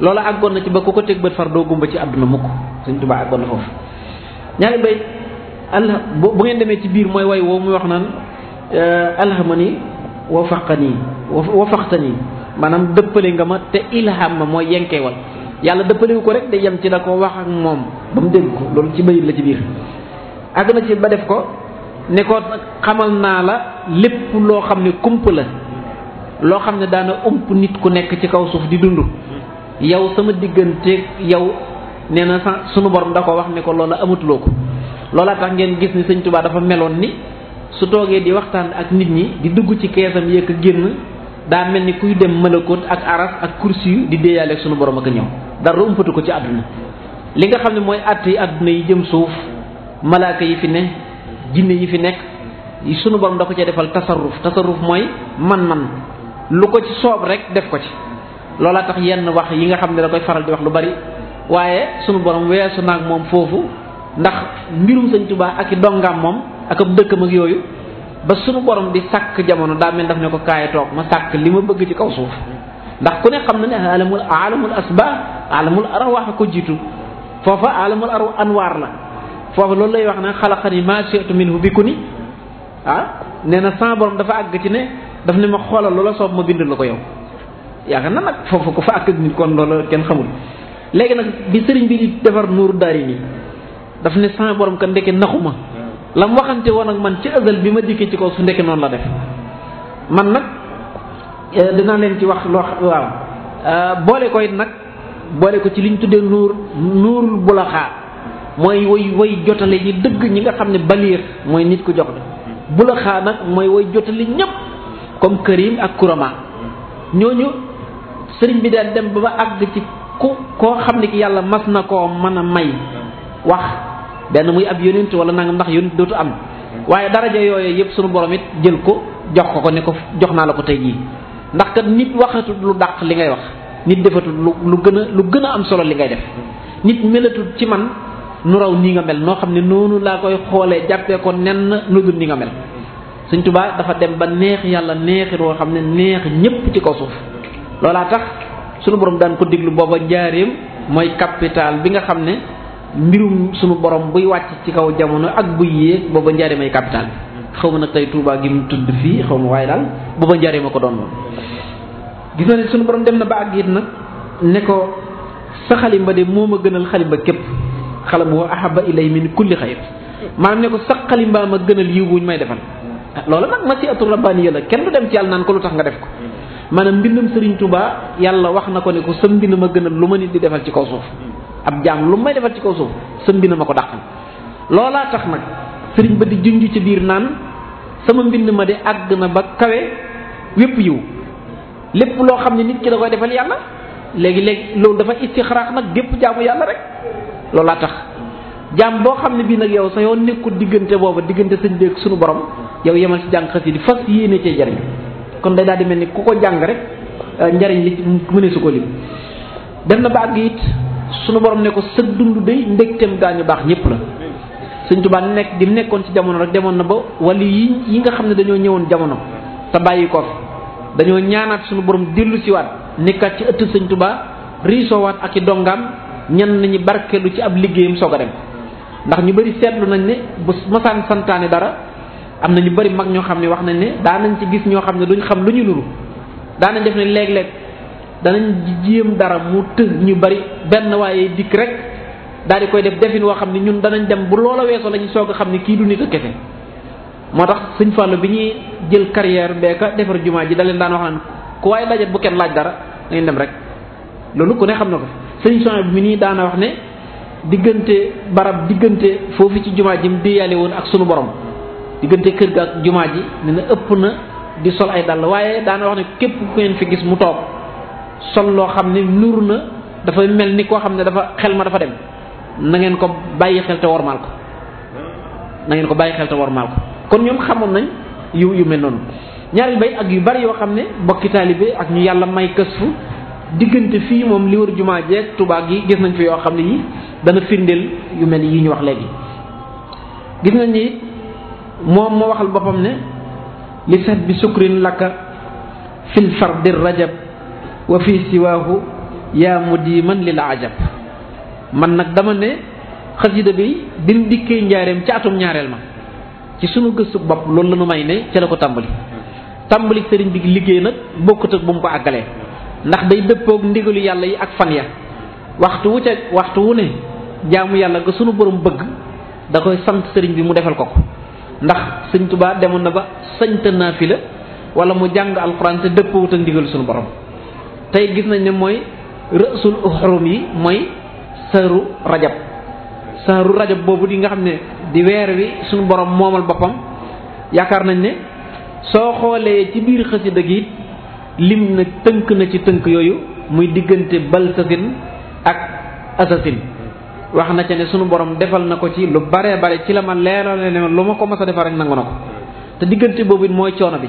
loola àggoon na ci ba ku ko teg bët far doo gumba ci àdduna mukk sëñ Tuubaa àggoon na foofu ñaari alha bu ngeen demee ci biir mooy way woo muy wax naan euh, alhamani wafaqani wafaqtani maanaam dëppale nga ma te ilham ma mooy yenkeewal yàlla dëppalewu ko rek day yem ci la ko wax ak moom ba mu dégg ko loolu ci bayit la ci biir àgg na ci ba def ko ne ko xamal naa la lépp loo xam ne kump la loo xam ne daana ump nit ku nekk ci kaw suuf di dund yow sama diggante yow nee na sax sunu borom da ko wax ne ko loolu amatuloo ko lola tax ngeen gis ni seigne touba dafa melone ni su toge di waxtan ak nit ñi di dugg ci kessam genn da melni kuy dem mëlakoot ak aras ak kursi di déeyaale sunu borom ak ñëw dara umputu ko ci aduna li nga xamni moy atti aduna yi jëm suuf malaaka yi fi ne jinne yi fi yi sunu borom da ko ci defal tasarruf tasarruf moy man-man lu ko ci soob rek def ko ci lola tax yenn wax yi nga xamni da koy faral di wax lu bari waaye sunu borom wessu nak mom fofu ndax mbirum sëñ tubaa ak i dongam moom ak ab dëkkam ak yooyu ba suñu borom di sàkk jamono daa mel daf ne ko kaay toog ma sàkk li ma bëgg ci kaw suuf ndax ku ne xam na ne alamul alamul asbab alamul arwaax ko jiitu foofa alamul ar la foofa loolu lay wax ne xalaqani ma shi'tu minhu biku ni ah nee na sama borom dafa àgg ci ne daf ne ma xoolal loola soob ma bind la ko yow yaakaar na nag foofu ko fa àgg nit kon loola kenn xamul léegi nag bi sëriñ bi defar nuuru daari nii daf ne sama borom ka ndeke naxuma hmm. la mu waxante woon ak man ci azal bi ma dikkee ci ko su ndekke noonu la def man nag eh, dinaa leen ci wax loo waaw eh, boole ko it nag boole ko ci liñ tuddee nuur nuurul bu la xaar mooy way way jotale ñi dëgg ñi nga xam ne baliir mooy nit ku jox de bu la hmm. xaar nag mooy way jotale ñëpp comme Karim ak Kurama hmm. ñooñu sëriñ bi daal dem ba ba àgg ci ku koo xam ne ki yàlla mas na koo mën a may wax ben muy ab yonent wala nang ndax yonent dotu am waye daraja yoy yëpp sunu borom it jël ko jox ko ko ne ko jox na la ko tey ndax kat nit waxatu lu dàq li ngay wax nit defatu lu gëna lu gëna am solo li ngay def nit melatu ci man nu raw ni nga mel no xamne nonu la koy xolé jappé ko nenn nu dul ni nga mel señ touba dafa dem ba neex yalla neex ro xamne neex ñepp ci ko suuf lola tax sunu borom daan ko diglu boba moy capital bi nga xamne mbirum sunu borom buy wàcc ci kaw jamono ak buy yéeg booba njaaree may capital xaw ma nag tey tuubaa gi mu tudd fii xaw ma waaye daal booba njaaree ma ko doon lool. gis ne sunu borom dem na ba àgg it nag ne ko sa xalimba de moo ma gënal xalimba képp xalam woo ahaba ilay ni kulli xayr maanaam ne ko sa xalimba ma gënal yiw buñ may defal. Ah loolu nag masiatu rabbaniya la kenn du dem ci yàlla naan ko lu tax nga def ko maanaam mbindam Serigne Touba yàlla wax na ko ne ko sa mbind ma gënal lu ma nit di defal ci kaw suuf. ab jam lu may defal ci kaw suuf sa mbind ma ko dàqal tax nak sëriñ ba di jundju ci biir nan sama mbind ma de àgg na ba kawe wépp yu lepp lo xamni nit ki da koy defal yalla léegi léegi loolu dafa istikhraq nak gep jaamu yalla rek lola tax jam bo xamni bi nak yow sa yoon neeku diggante bobu diggante sëñ beeg sunu borom yow yemal ci di fas yene ci jarign kon day di kuko jang rek njariñ li mëne su ko lim dem na ba ak sunu borom ne ko sa dund day ndégteem gaañu baax ñëpp la sëñ Tuubaa nekk di nekkoon ci jamono rek demoon na ba wala yi yi nga xam ne dañoo ñëwoon jamono te bàyyi ko dañoo ñaanaat sunu borom dellu siwaat nekkaat ci ëtt sëñ Tuubaa waat ak i dongaam ñenn ñi barkeelu ci ab liggéeyam soog a dem ndax ñu bari seetlu nañ ne bu masaan santaane dara am na ñu bari mag ñoo xam ne wax nañ ne daan nañ ci gis ñoo xam ne duñ xam lu ñu nuru daan nañ def ne léeg-léeg danañ jéem dara mu të ñu bari benn waaye dikk rek daal di koy def defin woo xam ne ñun danañ dem bu loola weesoo la ñu soog a xam ne kii du nit a moo tax sëñ Fallou bi ñuy jël carrière beeka defar jumaa ji da leen daan wax naan ku waaye laajat bu kenn laaj dara ngeen dem rek loolu ku ne xam na ko sëñ Sonia bi mi nii daana wax ne diggante barab diggante foofu ci jumaa ji mu déyaale woon ak sunu borom diggante kër ga ak jumaa ji ne na ëpp na di sol ay dàll waaye daana wax ne képp ku ngeen fi gis mu toog sol loo xam ne nur na dafa mel ni koo xam ne dafa xel ma dafa dem na ngeen ko bàyyi xel te wormaal ko na ngeen ko bàyyi xel te wormaal ko kon ñoom xamoon nañ yu yu mel noonu ñaari bay ak yu bari yoo xam ne bokki taalibe ak ñu yàlla may kësfu diggante fii moom li wër jumaa jeeg Tuubaa gi gis nañ fi yoo xam ne yi dana firndeel yu mel yi ñu wax léegi gis nañ ni moom moo waxal boppam ne li set bi sukrin lakk fil fardi rajab wa fi siwaahu yaa mudiman lil ajab man nag dama ne xasida bi bi mu dikkee njaareem ca atum ñaareel ma ci sunu gëstu bopp loolu la nu may ne ca la ko tàmbali tàmbali sëriñ bi liggéey nag bokkut ak bu mu ko àggalee ndax day dëppoog ndigalu yàlla yi ak fan ya waxtu wu ca waxtu wu ne jaamu yàlla nga sunu borom bëgg da koy sant sëriñ bi mu defal ko ko ndax sëñ Tuubaa demoon na ba sañta la wala mu jàng alxuraan te dëppwut ak ndigalu sunu borom tey gis nañ ne mooy rësul uxrum yi mooy sëru rajab sëru rajab boobu di nga xam ne di weer wi suñu boroom moomal boppam yaakaar nañ ne soo xoolee ci biir xasida gi lim na tënk na ci tënk yooyu muy diggante balsasin ak asasin wax na ca ne sunu borom defal na ko ci lu baree bare ci la ma leeral ne lu ma ko mas a defar rek nangu na ko te diggante boobu it mooy coono bi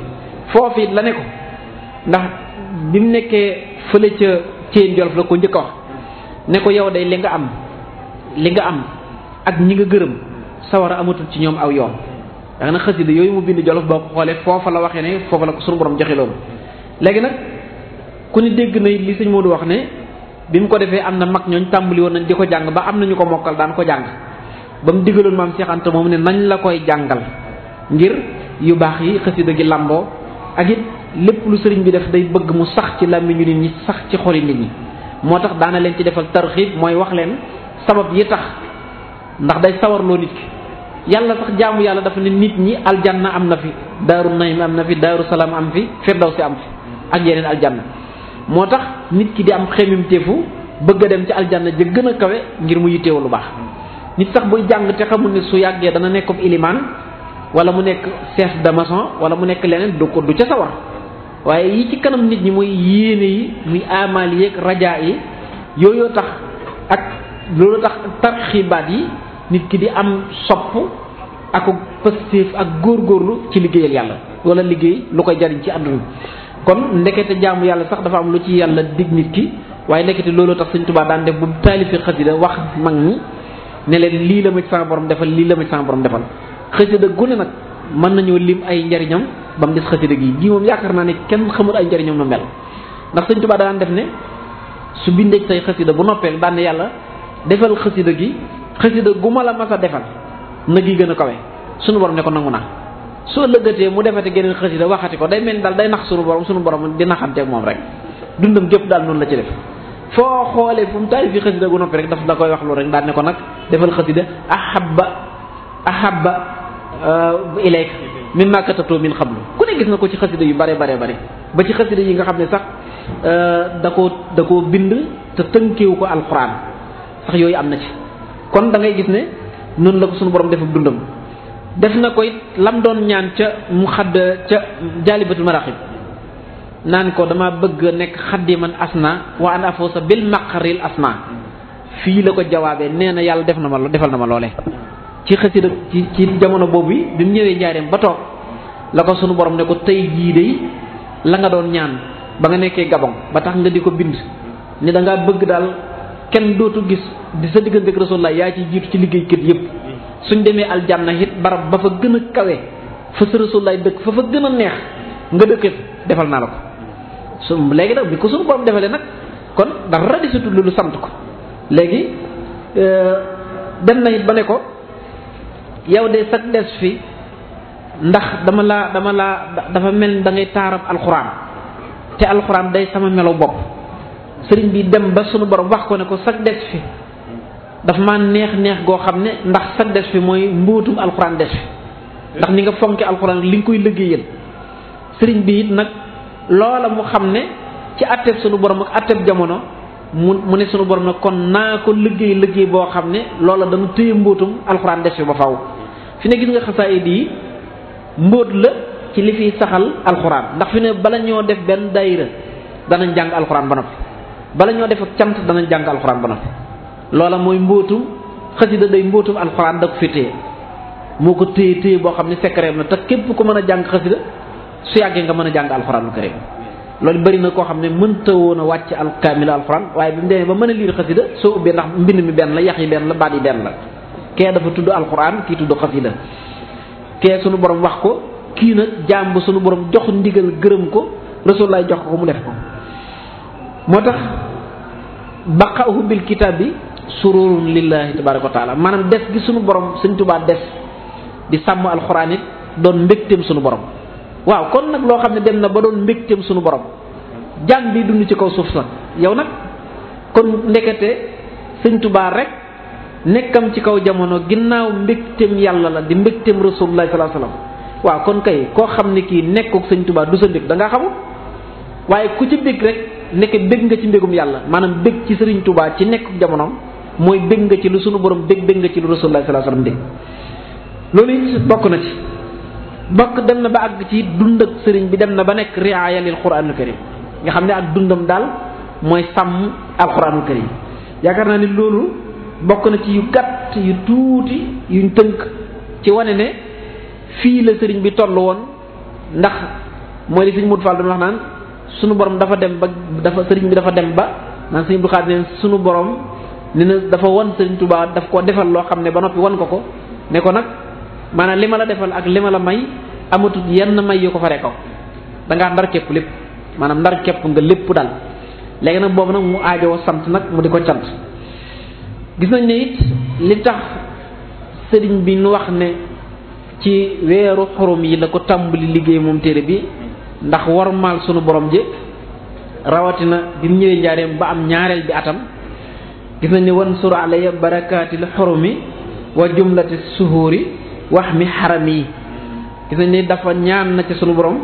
foofu it la ne ko ndax bim nekké nekkee ci ci ceen la ko ñëk wax ne ko yow day li nga am li nga am ak ñi nga gëreum sawara amatu ci ñom aw yoon da nga na xasida yooyu mu bind jollof boo xolé fofu la waxé ne fofu la ko suñu borom joxé lool légui nak ku ni dégg né li señ Modou wax ne bim ko défé am mak mag ñooñ won nañ diko jang ba amna ñuko mokal daan ko jang bam mu mam Cheikh Anta ne nañ la koy jangal ngir yu bax yi xasida gi lambo ak lepp lu serigne bi def day bëgg mu sax ci ñu nit ñi sax ci xori nit ñi motax daana leen ci defal tarxib moy wax leen sabab yi tax ndax day lo nit ki yalla sax jaamu yalla dafa nit ñi aljanna am fi naim am na fi darus salam am fi firdaw am fi ak yeneen aljanna motax nit ki di am tefu bëgg dem ci aljanna je gëna kawé kawe ngir mu yitteewu lu baax nit sax boy jang te xamul ni su yagge dana nekk ilimaan wala mu nekk chef de maçon wala mu nekk leneen du ko du ca sawar waaye yi ci kanam nit ñi muy yéene yi muy amaal yeeg rajaa yi yooyu tax ak loolu tax tarxibaat yi nit ki di am sopp ak positif ak góorgóorlu ci liggéeyal yàlla wala liggéey lu koy jariñ ci àdduna kon ndekete jaamu yàlla sax dafa am lu ci yàlla dig nit ki waaye ndekete looloo tax Sëñ Tuubaa daan def bu taalifi xasida wax mag ñi ne leen lii la ma ci sama borom defal lii la ma ci sama borom defal xasida gune nag mën nañoo lim ay njariñam ba mu des xasida gi gii moom yaakaar naa ne kenn xamul ay njëriñam nu mel ndax sëñ Tuubaa daan def ne su bindee say xasida bu noppee daan ne yàlla defal xasida gi xasida gu ma la mas a defal na gi gën a kawe suñu borom ne ko nangu naa soo lëggatee mu defate geneen xasida waxati ko day mel ni daal day nax suñu borom suñu borom di naxanteeg moom rek dundam gépp daal noonu la ci def foo xoolee fu mu taal fi xasida gu noppi rek daf la koy wax loolu rek daan ne ko nag defal xasida ahabba ahabba bu euh, ilayka mimma katabtu min qablu ku ne gis na ko ci xasida yu bare bare bare ba ci xasida yi nga xam ne sax euh, da koo da ko bind te tënkewu ko alquran sax yooyu am na ci kon dangay gis ne noonu la ko suñu borom defub dundam def na ko it lam doon ñaan ca mu xadd ca jaalibatul maraqib naan ko dama bëgg a nekk xaddiman asna wa an afoosa bil maqaril asna fii la ko jawaabee nee na yàlla def na ma defal na ma loole ci xasida ci ci jamono bobu bi mu ñëwee njaareem ba tok la ko sunu borom ne ko tay gi de la nga doon ñaan ba nga nekké gabon ba tax nga diko bind ni da nga bëgg dal kenn dootu gis di sa diggante rasulullah ya ci jiitu ci liggéey kët yépp suñu démé aljanna hit barab ba fa gëna kawé kawe fa sa rasulullah dëkk fa fa gëna neex nga dëkk defal na la ko su légui nak bi ko suñu borom defalé nak kon dara sutul lu sant ko euh dem na ba ne ko yow de sax des fi ndax dama laa dama laa dafa mel da ngay taarab alxuraan te alxuraan day sama melo bopp sëriñ bii dem ba sunu borom wax ko ne ko sax des fi dafa ma neex neex goo xam ne ndax sax des fi mooy mbóotum alxuraan des fi ndax ni nga fonke alxuraan li nga koy liggéeyal sëriñ bi it nag loola mu xam ne ci àtteeb sunu borom ak àtteeb jamono mu mu ne sunu borom ne kon naa ko liggéey liggéey boo xam ne loola dana téye mbóotum alxuraan des fi ba faw fi ne gis nga xasaayid yi mbóot la ci li fiy saxal alxuraan ndax fi ne bala ñoo def benn day daayira danañ jàng alxuraan ba noppi bala ñoo def ak cant danañ jàng alxuraan ba noppi loola mooy mbóotum xasida day mbóotum alxuraan da ko fi téye moo ko téye téye boo xam ne secret na te képp ko mën a jàng xasida su yàggee nga mën a jàng alxuraan lu karim lol bari na ko xamne ne mënta woon al kamil al Quran. waye bimu demee ba meuna lire liir so soo ndax mbind mi ben la yahi ben la badi ben la ke dafa al quran ki tuddu xasida ke sunu borom wax ko ki na jambu sunu borom jox ndigal geureum ko rasulullah jox ko mu def ko motax baqahu bil kitab sururun lillahi tabaraka taala manam def gi sunu borom seigne touba def di sam al quran don mbektem sunu borom waaw kon nag loo xam ne dem na ba doon mbégteem suñu borom jàng bi dund ci kaw suuf sax yow nag kon ndekete sëñ Tuubaa rek nekkam ci kaw jamono ginnaaw mbégteem yàlla la di mbégteem rasulullah sallallahu alayhi wasallam waaw kon kay koo xam ne kii nekkuk sëñ Tuubaa du sa mbég da ngaa xamul waaye ku ci bég rek nekk bég nga ci mbégum yàlla maanaam bég ci sëriñ Tuubaa ci nekkuk jamonoom mooy bég nga ci lu sunu borom bég bég nga ci lu rasulullah sallallahu alayhi wasallam de loolu it bokk na ci. bokk dem na ba ak ci dund ak sëriñ bi dem na ba nekk riaaya lil quraanul karim nga xam ne ak dundam daal mooy sàmm alquraanul karim yaakaar naa ni loolu bokk na ci yu gàtt yu tuuti yuñ tënk ci wane ne fii la sëriñ bi toll woon ndax mooy li sëriñ Modou Fall doon naan sunu borom dafa dem ba dafa sëriñ bi dafa dem ba naan sëriñ bu xaat neen sunu borom ne na dafa wan sëriñ Tuubaa daf koo defal loo xam ne ba noppi wan ko ko ne ko nag maanaam li ma la defal ak li ma la may amatul yenn may yu ko faree kaw da ngaa ndar képp lépp maanaam ndar képp nga lépp dal léegi nag boobu nag mu aajoo sant nag mu di ko cant gis nañ ne it li tax sëriñ bi nu wax ne ci weeru xorom yi la ko tàmbali liggéey moom téere bi ndax warmaal sunu boroom ji rawatina bi mu ñëwee njaareem ba am ñaareel bi atam gis nañ ne wan sur alaya barakatil xorumi wa jumlati suhuuri wax mi xaram yi gis nañ ni dafa ñaan na ci sunu borom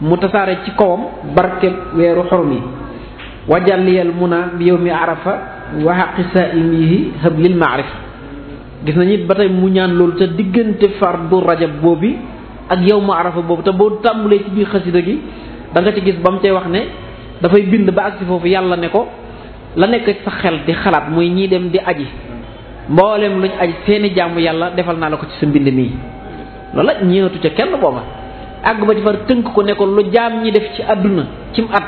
mu tasaare ci kawam barkeb weeru xorom yi wajaliyal muna bi yow mi arafa wa xaqi saimihi hab lil maarifa gis nañ it ba tey mu ñaan loolu te diggante fardu rajab boobu ak yow mu arafa boobu te boo tàmbulee ci biir xasida gi da nga ci gis ba mu cay wax ne dafay bind ba ak si foofu yàlla ne ko la nekk sa xel di xalaat mooy ñii dem di aji mboolem luñ aj seeni jàmm yàlla defal naa la ko ci sa mbind mii loola ñëwatu ca kenn booba àgg ba ci far tënk ko nekkoon lu jaam ñi def ci àdduna cim at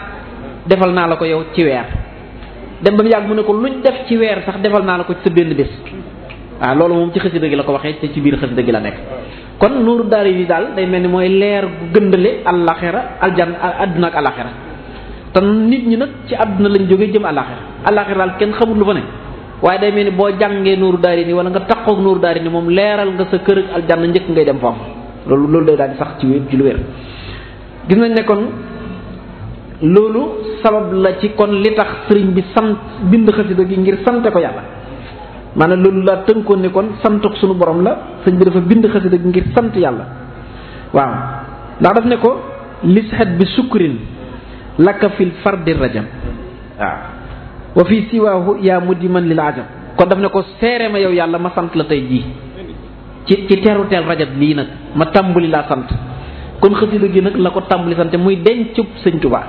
defal naa la ko yow ci weer dem ba mu yàgg mu ne ko luñ def ci weer sax defal naa la ko ci sa benn bés waaw loolu moom ci xasida gi la ko waxee te ci biir xasida gi la nekk kon nuuru daara yi di daal day mel ni mooy leer gu gëndale àllaxira aljan àdduna ak àllaxira te nit ñi nag ci àdduna lañ jógee jëm àllaxira àllaxira daal kenn xamul lu fa ne waaye day mel ni boo jàngee nuuru daari ni wala nga taqoog nuuru daari ni moom leeral nga sa kër ak aljanna njëkk ngay dem foofu loolu loolu day daal sax ci wér ci lu wér gis nañ ne kon loolu sabab la ci kon li tax sëriñ bi sant bind xasida gi ngir sante ko yàlla maanaam loolu laa tënkoon ne kon santuk suñu la sëñ bi dafa bind ngir sant yàlla waaw ndax daf ne ko li lisxet bi sukkurin lakka fil fardi rajam waaw wa fi siwahu ya mudiman lil ajab kon daf ne ko sere ma yow yalla ma sant la tay jii ci ci teru tel rajab li nak ma tambuli la sant kon xasida gi nak lako tambuli tàmbali sant muy dencub seigne touba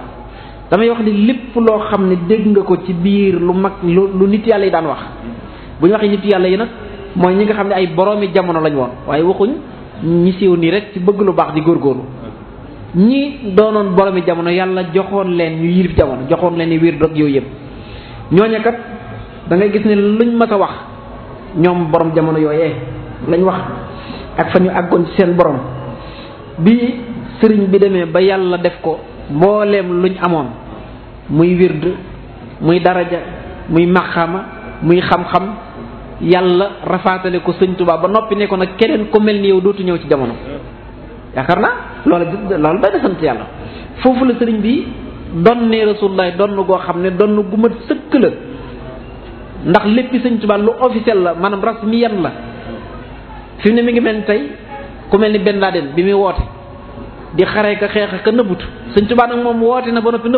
damay wax ni lepp lo xamne deg nga ko ci bir lu mak lu nit yalla yi dan wax bu nit yalla yi nak moy ñi nga xamne ay boromi jamono lañ won waye waxuñ ñi siw ni rek ci bëgg lu baax di gurgun. ñi doonon boromi jamono yalla joxoon len ñu yir jamono joxoon len ni wir dog yoyep ñooñe kat da gis ne luñ ma a wax ñoom boroom jamono yooyee lañ wax ak fa ñu àggoon ci seen borom bi sëriñ bi demee ba yàlla def ko mbooleem luñ amoon muy wird muy daraja muy maqaama muy xam-xam yàlla rafaatale ko sëñ Tuubaa ba noppi nekkoon ko nag keneen ko mel ni yow dootu ñëw ci jamono yaakaar naa loolu loolu doy na sant yàlla foofu la sëriñ bi donne rasulullah donn goo xam ne donn gu mat sëkk la ndax léppi sëñ Tuubaa lu officiel la maanaam rasmiyan la fi mu ne mi ngi mel tey ku mel ni benn laa Laden bi muy woote di xaree ka xeex ka nëbbatu sëñ Tuubaa nag moom woote na ba noppi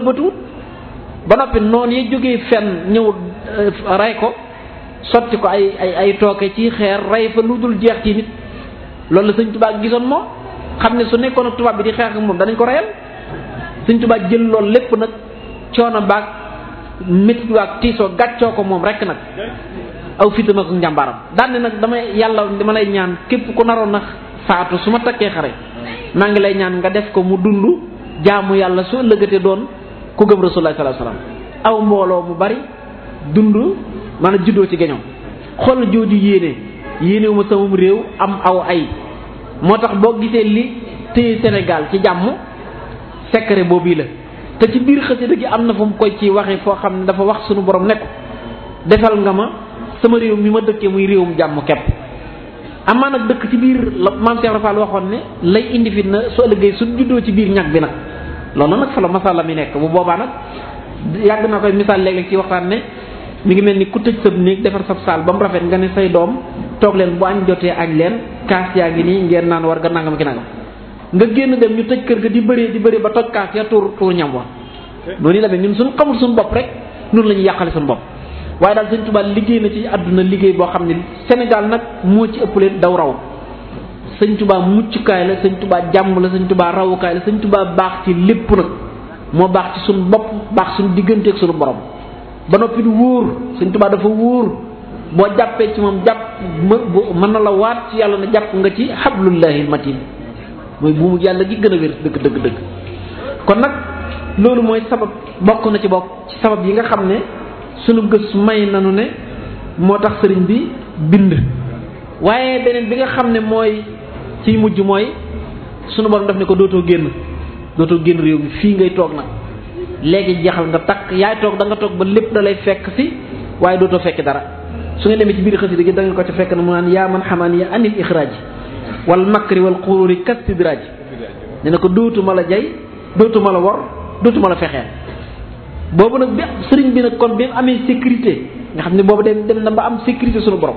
ba noppi noonu yi jógee fenn ñëw euh, rey ko sotti ko ay ay ay tooke ci xeer rey fa lu dul jeex ci nit loolu la sëñ Tuubaa gisoon moom xam ne su nekkoon ak tubaab bi di xeex ak moom danañ ko reyal Sëñ Tuubaa jël loolu lépp nag coono baag métti waag tiisoo gàccoo ko moom rekk nag aw fitam ak njàmbaaram daan nag damay yàlla dama lay ñaan képp ku naroon na faatu su ma takkee xare maa ngi lay ñaan nga def ko mu dund jaamu yàlla su ëllëgatee doon ku gëm Rasulullah sallallahu aw mbooloo mu bari dund maanaam juddoo ci geñoom xool jooju yéene yéenewuma samum réew am aw ay moo tax boo gisee li téye Sénégal ci jàmm secret boobu la te ci biir xasida gi am na fu mu koy ci waxee foo xam ne dafa wax sunu boroom nekk defal nga ma sama réew mi ma dëkkee muy réewum jàmm kepp amaa nag dëkk ci biir la maam Cheikh Rafal waxoon ne lay indi fi na su ëllëgee su juddoo ci biir ñag bi nag loolu nag fa la masala mi nekk bu boobaa nag yàgg naa koy misaal léeg-léeg ci waxtaan ne mu ngi mel ni ku tëj sab néeg defar sab saal ba mu rafet nga ne say doom toog leen bu añ jotee añ leen kaas yaa ngi nii ngeen naan war nga nangam ki nga génn dem ñu tëj kër ga di bëree di bëri ba toj kaas ya tuur tuur ñam wa noonu la mel ñun suñ xamul suñu bopp rek noonu la ñuy yàqale suñu bopp waaye daal sëñ tubaa liggéey na ci àdduna liggéey boo xam ne Sénégal nag moo ci ëpp leen daw raw sëñ Tuubaa muccukaay la sëñ Tuubaa jàmm la sëñ Tuubaa rawukaay la sëñ Tuubaa baax ci lépp nag moo baax ci suñu bopp baax suñu diggante ak suñu borom ba noppi wóor sëñ tubaa dafa wóor boo jàppee ci moom jàpp mën na la waat yàlla na jàpp nga ci xablullahil matin moy buumu yalla gi gëna wër wér dëgg dëgg dëgg kon nak loolu moy sabab bokk na ci bokk ci sabab yi nga xamne sunu gëss may nañu ne motax tax sëriñ bi bind waye benen bi nga xamne moy ci mujj moy sunu borom daf ne ko doto genn doto genn rew bi fii ngay tok nak legi jaxal nga tak yaay tok da nga tok ba lepp dalay fekk si waye doto fekk dara su ngeen demé ci biir xasida da nga ko ci fekk na mu naan ya man hamani ya anil wal makri wal xururi kat sidraaj ne na ko dootuma la jay dootuma la wor dootuma la fexeel boobu nag bi sëriñ bi nag kon bi mu amee sécurité nga xam ne boobu dem dem na ba am sécurité suñu borom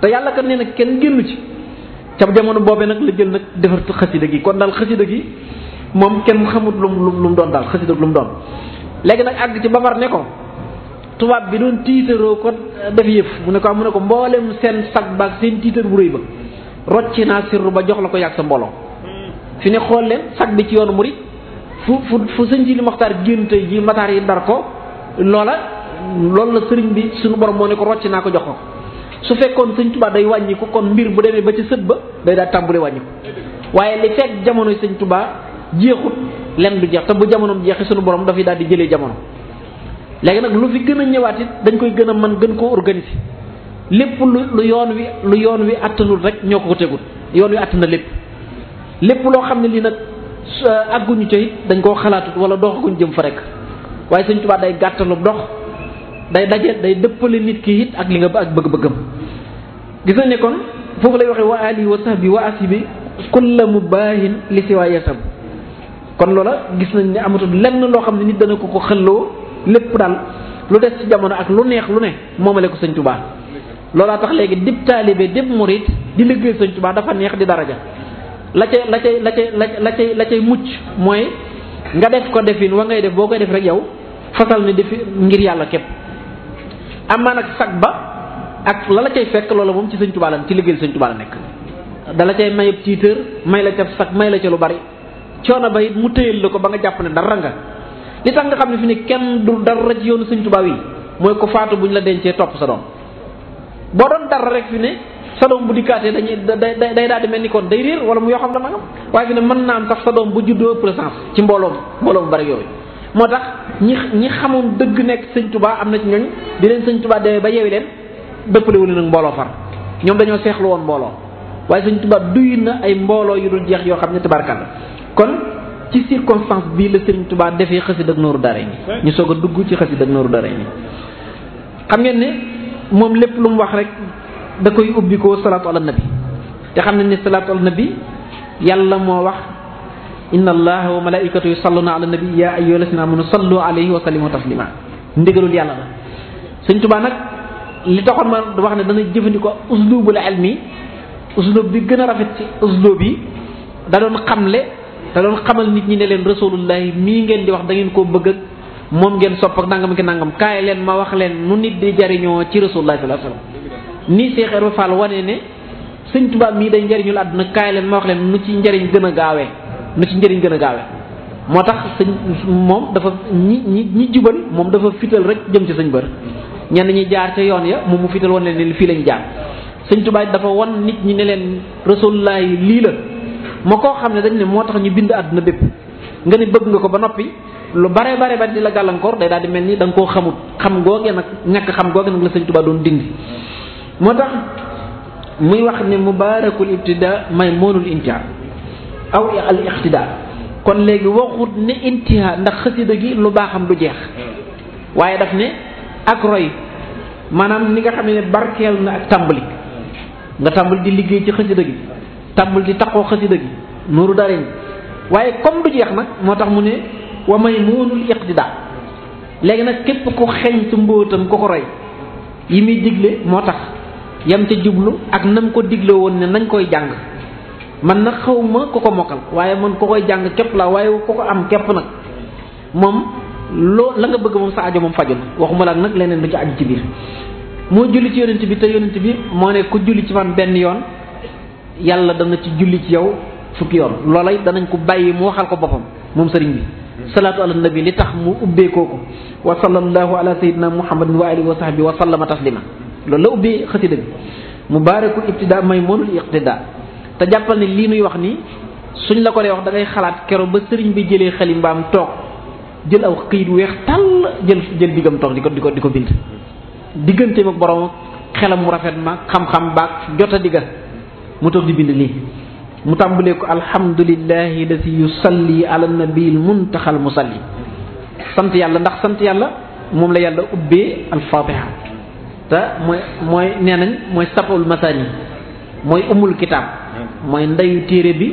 te yàlla kat nee na kenn génnu ci ca jamono boobee nag la jël nag defar xasida gi kon daal xasida gi moom kenn xamut lu mu lu mu doon daal xasida lu mu doon léegi nag àgg ci par ne ko tubaab bi doon tiitaroo ko def yëf mu ne ko mu ne ko mboolem seen sag baag seen tiitar bu rëy ba rocci naa sirru ba jox la ko yak sa mbolo fi ne xol leen sag bi ci yoonu murit fu fu fu sëñ li maxtaar génn tey ji mataar yi dar ko lola lol la sëriñ bi suñu borom mo ne ko rocci ko jox ko su fekkon tuba day ko kon mbir bu demee ba ci sët ba day daal tàmbali wàññiku waye li fek jamono sëñ tuba jeexut len du jeex te bu jamono jeexi suñu borom fi dal di jëlee jamono léegi nak lu fi gëna a dañ koy gëna man gën ko organiser lépp lu lu yoon wi lu yoon wi attanul rek ñoo ko ko tegul yoon wi àtt na lépp lépp loo xam ne lii nag euh, àgguñu ca it dañ koo xalaatut wala doxaguñ jëm fa rek waaye Sëñ Tuubaa day gàttalu dox day daje day dëppale nit kii it ak li nga ak bëgg-bëggam gis nañ ne kon foofu lay waxee wa ali wa sahbi wa asibi kulla mubaahin li siwaa yasab kon loola gis nañ ne amatul na loo xam ne nit dana ko ko xëlloo lépp daal lu des ci jamono ak lu neex lu ne moomale ko Sëñ Tuubaa loolu loolaa tax léegi dib taalibe dib murit di liggéey sañ Tuubaa dafa neex di dara ja la cay la cay la cay la cay mucc mooy nga def ko defin wa ngay def boo koy def rek yow fasal ni defi ngir yàlla képp am naa nag sag ba ak la la cay fekk loola moom ci sëñ Tuubaa la ci liggéeyal sëñ Tuubaa la nekk dala cay mayab tiitër may la ca sag may la ca lu bari coono ba it mu téyel la ko ba nga jàpp ne dara nga li tax nga xam ne fi ne kenn du dara ci yoonu sëñ Tuubaa yi mooy ko faatu bu la dencee topp sa boo doon dara rek fi ne sa doom bu dikkaatee dañuy day day day daal di melni kon day rir wala mu yo xam dama am waaye fi ne man naa am sax sa doom bu juddo présence ci mbolom mbolom bu bari yooyu ñi ñi xamoon deug nek seigne touba amna ci ñooñ di len seigne touba dewe ba yewi len dëppale wu leen mbolo far ñom dañoo seexlu woon mbooloo waaye sëñ tubaa duy na ay mbolo yu dul jeex yo xam ne tabarkal kon ci circonstance bi le seigne touba defé xësid ak nooru dara ni ñu soog dugg ci xësid ak nooru dara ni xam ngeen ne moom lépp lu mu wax rek da koy ubbi ko salaatu ala nabi te xam nañ ne salaatu ala nabi yàlla moo wax inna allaha wa malaikatu yusalluna ala nabi ya ayyuha alladhina amanu sallu alayhi wa sallimu taslima ndigalul yàlla la sëñ tubaa nag li taxoon ma wax ne dana jëfandikoo uslubul ilmi uslub bi gën a rafet ci uslub yi da doon xamle da doon xamal nit ñi ne leen rasulullahi mii ngeen di wax da ngeen koo bëgg mom ngeen sopp ak nangam ki nangam kay leen ma wax leen nu nit di jariño ci rasulullah sallallahu alaihi wasallam ni cheikh ibra fall wane ne seigne touba mi day jariñul aduna kay leen ma wax leen nu ci jariñ gëna gaawé nu ci jariñ gëna gaawé motax seigne mom dafa ñi ñi jubal mom dafa fital rek jëm ci seigne beur ñen ñi jaar ci yoon ya mom mu fital won leen fi lañ jaar seigne touba dafa won nit ñi ne leen rasulullah li la mako xamne dañ ne motax ñu bind aduna bepp nga ne bëgg nga ko ba noppi lu bare bare ba di la gàllankoor day daal di mel ni da nga koo xamut xam googe nag ñàkk xam googe nag la sëñ Tuubaa doon dindi moo tax muy wax ne mubaarakul ibtida may moonul intiha aw al iqtida kon léegi waxut ne intiha ndax xasida gi lu baaxam du jeex waaye daf ne ak roy maanaam ni nga xam ne barkeel na ak tàmbali nga tàmbali di liggéey ci xasida gi tàmbali di taqoo xasida gi nuuru darañ waaye comme du jeex nag moo tax mu ne wa di daal léegi nag képp ku xeñtu mbóotam ku ko roy yi muy digle moo tax yam ca jublu ak nam ko digle woon ne nañ koy jàng man nag xaw ma ku ko mokkal waaye man ku koy jàng képp la waaye ku ko am képp nag moom loo la nga bëgg moom sa ajo moom fajul waxuma la nag leneen lu ci aju ci biir moo julli ci yonent bi te yonent bi moo ne ku julli ci man benn yoon yàlla dana ci julli ci yow fukki yoon loolay danañ ko bàyyi mu waxal ko boppam moom bi salaatu ala nabi li tax mu ubbee kooku wa sallallahu ala sayyidina muhammad wa alihi wa sahbi wa sallama taslima loolu la ubbee xasida bi mubaraku ibtida may moonul iqtida te jàppal ne lii nuy wax ni suñ la ko dee wax da ngay xalaat kero ba sëriñ bi jëlee xalimbaam toog jël aw xëyit weex tàll jël jël diggam toog di ko di ko di ak borom xelam mu rafet ma xam-xam baag jota diga mu toog di bind lii mu tàmbalee ko alhamdulillahi alladi yusalli ala nabil muntaxal musalli sant yàlla ndax sant yàlla moom la yàlla ubbee alfatiha te mooy mooy nee nañ mooy satul yi mooy umul kitaab mooy ndeyu téere bi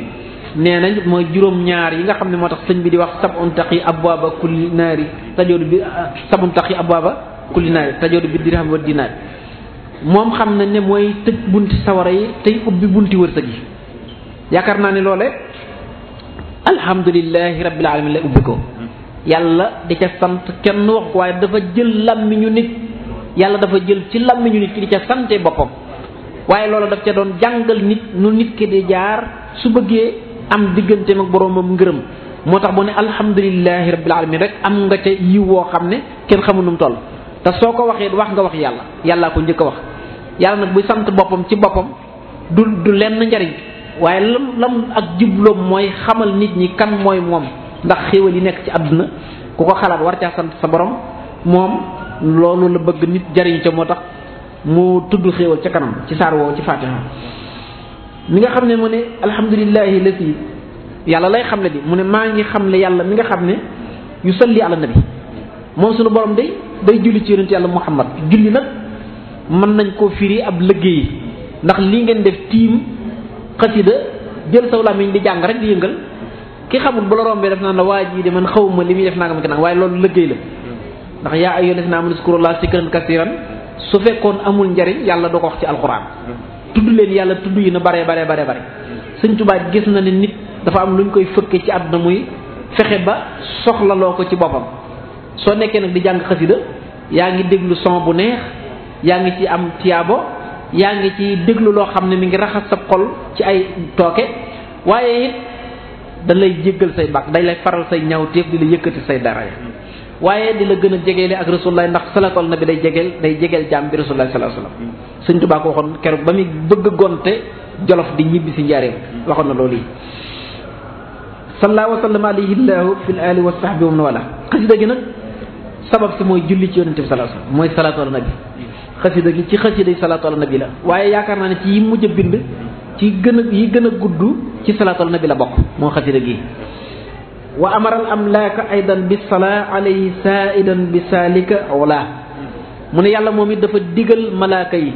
nee nañ mooy juróom-ñaar yi nga xam ne moo tax sëñ bi di wax sabun taqi abwaaba kulli naari tajoodu bi sabun taqi abwaaba kulli naari tajoodu bi wa dinaar moom xam na ne mooy tëj bunti sawara yi tey ubbi bunti wërsëg yi yaakaar naa ne loole alhamdulilahi rabbil alamin lay ubbi ko yàlla di ca sant kenn wax ko waaye dafa jël làmmiñu nit yàlla dafa jël ci làmmiñu nit ki di ca sante boppam waaye loola daf ca doon jàngal nit nu nit ki di jaar su bëggee am digganteem ak boroomam ngërëm moo tax boo ne alhamdulilahi rabbil alamin rek am nga ca yiw woo xam ne kenn xamul nu toll te soo ko waxee wax nga wax yàlla yàllaa ko njëkk a wax yàlla nag buy sant boppam ci boppam du du njariñ waaye lam lam ak jubloom mooy xamal nit ñi kan mooy moom ndax xéewal yi nekk ci àdduna ku ko xalaat war caa sant sa borom moom loolu la bëgg nit jariñ ca moo tax mu tudd xéewal ca kanam ci saar woowu ci fatiha mi nga xam ne mu ne alhamdulillahi lati yàlla lay xam ne di mu ne maa ngi xam xamle yàlla mi nga xam ne yu salli ala nabi moom suñu borom day day julli ci yonent yàlla muhammad julli nag mën nañ koo firi ab liggéey ndax li ngeen def tiim qasida jël saw lamiñ di jàng rek di yëngal ki xamul bu la rombe def naan la waa jii de man xaw ma li muy def nangam ki nang waaye loolu liggéey la ndax yaa ayyuha lazina amanu zkurullaha zikran kasiran su fekkoon amul njariñ yàlla do ko wax ci alquran tudd leen yàlla tudd yi na bare bare bare bare sëñ tubaa gis na ne nit dafa am luñ koy fëkke ci àdduna muy fexe ba soxlaloo ko ci boppam soo nekkee nag di jàng xasida yaa ngi déglu son bu neex yaa ci am tiyaabo yaa ngi ci déglu loo xam ne mi ngi raxas sa xol ci ay tooke waaye it da lay jéggal say bàkk day lay faral say ñawteef di la yëkkati say dara ya waaye di la gën a jegeele ak rasulullah ndax salatul nabi day jegeel day jegeel jaam bi rasulullah sallallahu alayhi wasallam sëñ Tuubaa ko waxoon keroog ba muy bëgg gonte jolof di ñibbi si njaareem waxoon na loolu yi sallallahu wa sallam alayhi llahu fi l ali wa sahbi wa man wala xasida gi nag sabab si mooy julli ci yonente bi sallallahu alayhi wasallam xasida gi ci xasida yi salatu ala nabi la waaye yaakaar naa ne ci yi mujj bind ci gën yi gën ci salatu ala nabi la bokk moo xasida gi wa amara al amlaka Aidan bis sala alayhi sa'idan bi salika wala mu ne yàlla moom it dafa digal malaaka yi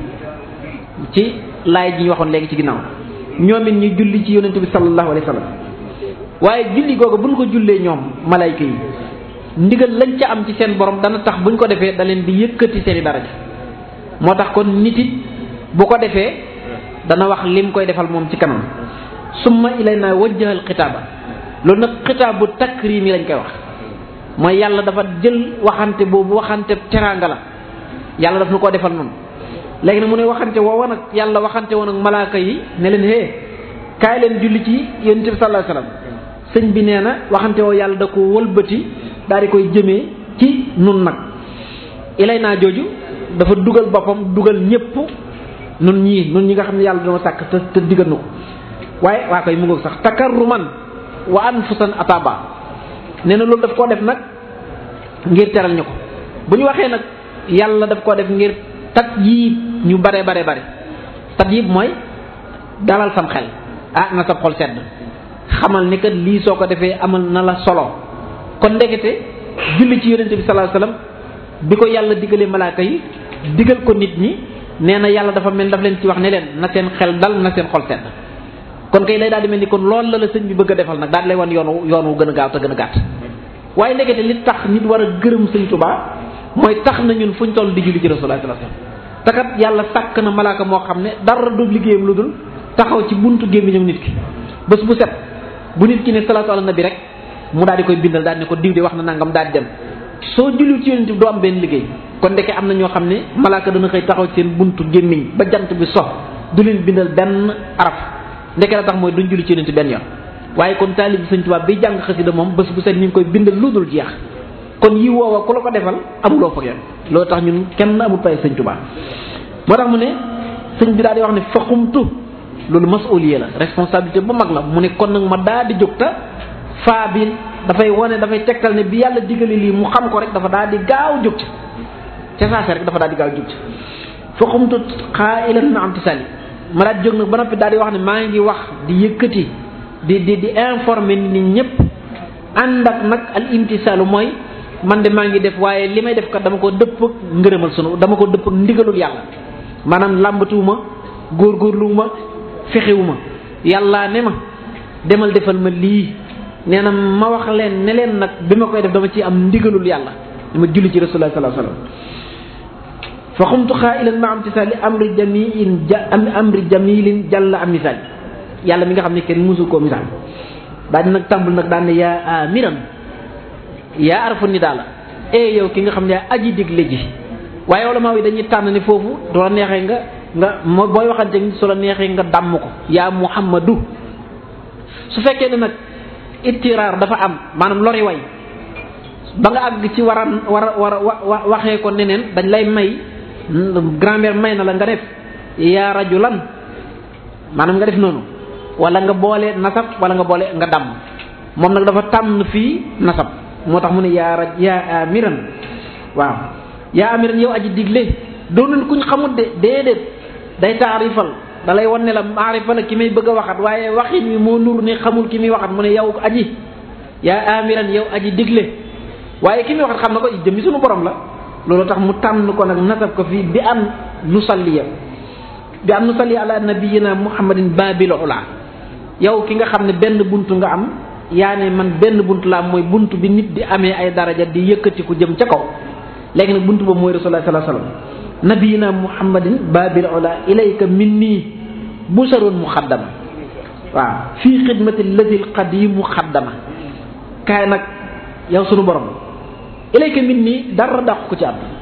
ci laay ji ñu waxoon ci ginnaaw ñoom it julli ci yonente bi sallallahu alayhi wa sallam julli gogo buñ ko jullee ñoom malaayka yi ndigal lañ ca am ci seen borom dana tax buñ ko da leen di daraja moo tax kon nit it bu ko defee dana wax lim koy defal moom ci kanam summa ilayna wajjahal xitaaba loolu nag xitaabu takrim yi lañ koy wax mooy yàlla dafa jël waxante boobu waxante teraanga la yàlla daf nu koo defal noonu léegi nag mu ne waxante woowa nag yàlla waxante woon ak malaaka yi ne leen hee kaay leen julli ci yonent bi sallallahu alayhi sëñ bi nee na waxante woo yàlla da ko wëlbati daal di koy jëmee ci nun nag ilay naa jooju dafa dugal boppam dugal ñëpp nun ñi nun ñi nga xam ne yàlla dañoo sàkk te te digal ko waaye waa koy mu ngoog sax takarruman wa anfusan ataba nee na loolu daf koo def nag ngir teral ñu ko bu ñu waxee nag yàlla daf koo def ngir tat yiib ñu bare bare bare tat yiib mooy dalal sam xel ah na sab xol sedd xamal ne lii soo ko defee amal na la solo kon ndekete julli ci yonente bi sallallahu bi ko yàlla diggalee malaaka yi diggal ko nit ñi nee na yàlla dafa mel daf leen ci wax ne leen na seen xel dal na seen xol sedd kon kay lay daal di mel ni kon lool la la sëñ bi bëgg a defal nag daal di lay wan yoon yoon wu gën a gaaw te gën a gàtt waaye ndekete li tax nit war a gërëm sëñ Tuubaa mooy tax na ñun fuñ toll di julli ci Rasulullah sallallahu alayhi yàlla sàkk na malaaka moo xam ne dara du liggéeyam lu dul taxaw ci buntu gémmiñam nit ki bés bu set bu nit ki ne salaatu na bi rek mu daa di koy bindal daal ne ko diw de wax na nangam daal di dem soo julliwul ci yonent bi doo am benn liggéey kon ndeke am na ñoo xam ne malaaka dana koy taxaw seen buntu gémmiñ ba jant bi sox du leen bindal benn araf ndeke la tax mooy du julli ci yonent benn yoon waaye kon taalib bi sëñ tubaab bi jàng xasida moom bés bu set ñu ngi koy bindal lu dul jeex kon yi woowa ku la ko defal amuloo fa yoon loolu tax ñun kenn amul pay sëñ tubaab moo tax mu ne sëñ bi daal di wax ne faxumtu loolu masuliye la responsabilité bu mag la mu ne kon nag ma daal di jóg ta faa bi dafay wane dafay tegtal ne bi yàlla digale lii mu xam ko rek dafa daal di gaaw jóg ca ca saase rek dafa daal di gaaw jóg ca fa xumtu xaa ilan ma am ti sali ma daal di jóg nag ba noppi daal di wax ne maa ngi wax di yëkkati di di di informer nit ñëpp ànd ak nag al imtisaalu mooy man de maa ngi def waaye li may def kat dama ko dëpp ak ngërëmal sunu dama ko dëpp ak ndigalul yàlla maanaam làmbatuwuma góorgóorluwuma fexewuma yàllaa ne ma demal defal ma lii nee na ma wax leen ne leen nag bi ma koy def dama ci am ndigalul yàlla ma julli ci rasulullah sallallahu alayhi wasallam fa xumtu xaa'ilan ma am tisaali amri jamiilin ja amri jamiilin jàlla am misaal yàlla mi nga xam ne kenn mësu koo misaal daal di nag tàmbul nag daan ne yaa amiran yaa arfu ni daala e eh yow ki nga xam ne yaa aji digle ji waaye wala maa yi dañuy tànn ni foofu doo la neexee nga nga booy waxante ni su la neexee nga dàmm ko yaa muhammadu su fekkee ne nag Itirar dafa am manam lori way ba nga ag ci waran war war waxe ko nenen dañ lay may grand-mère may na la nga def ya rajulan manam nga def nonu wala nga bolé nasab wala nga bolé nga dam mom nak dafa tam fi nasab motax mune ya raj ya amiran waaw ya amiran yow aji digle donun kuñ xamut de dedet day taarifal dalay lay won ne la maarifa la ki may bëgg waxat waye waxin wi mo nur ne xamul ki waxat mo ne yow aji ya amiran yow aji digle waye ki muy waxat xam nako ko jëmmi sunu borom la lolu tax mu tan ko nak nasab ko fi bi an nusalliya bi am nusalli ala nabiyina muhammadin babil ula yow ki nga xamne ben buntu nga am yaane man ben buntu la moy buntu bi nit di amé ay daraja di yëkëti ku jëm ci kaw légui nak buntu ba moy rasulullah sallallahu alayhi wasallam nabiyina muhammadin babil ula ilayka minni busarun muxaddama waaw fii xidmati lazil qadim muxaddama kaay nag yow sunu borom ilayka mbir nii dara dàqu ko ci àdduna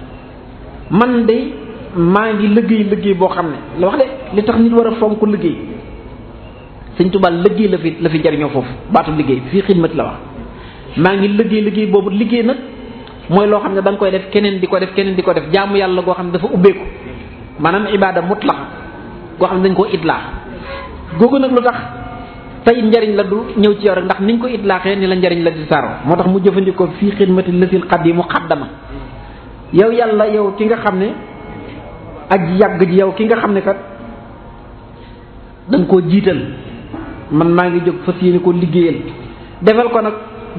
man de maa ngi liggéey liggéey boo xam ne la wax de li tax nit war a fonk liggéey sëñ Tuubaa liggéey la fi la fi jariñoo foofu baatu liggéey fii xidmati la wax maa ngi liggéey liggéey boobu liggéey nag mooy loo xam ne da koy def keneen di ko def keneen di ko def jaamu yàlla goo xam ne dafa ubbeeku maanaam ibaada mutlax ko xam ne dañ koo itlaax googu nag lu tax njariñ la du ñew ci yow rek ndax niñ ko xé ni la njariñ la di saro motax mu jëfëndiko fi khidmati lati qadimu xaddama yow yalla yow ki nga xamne ak yàgg ji yow ki nga xamne kat dañ ko jital man ma ngi jog fasiyene ko liggeyel defal ko nak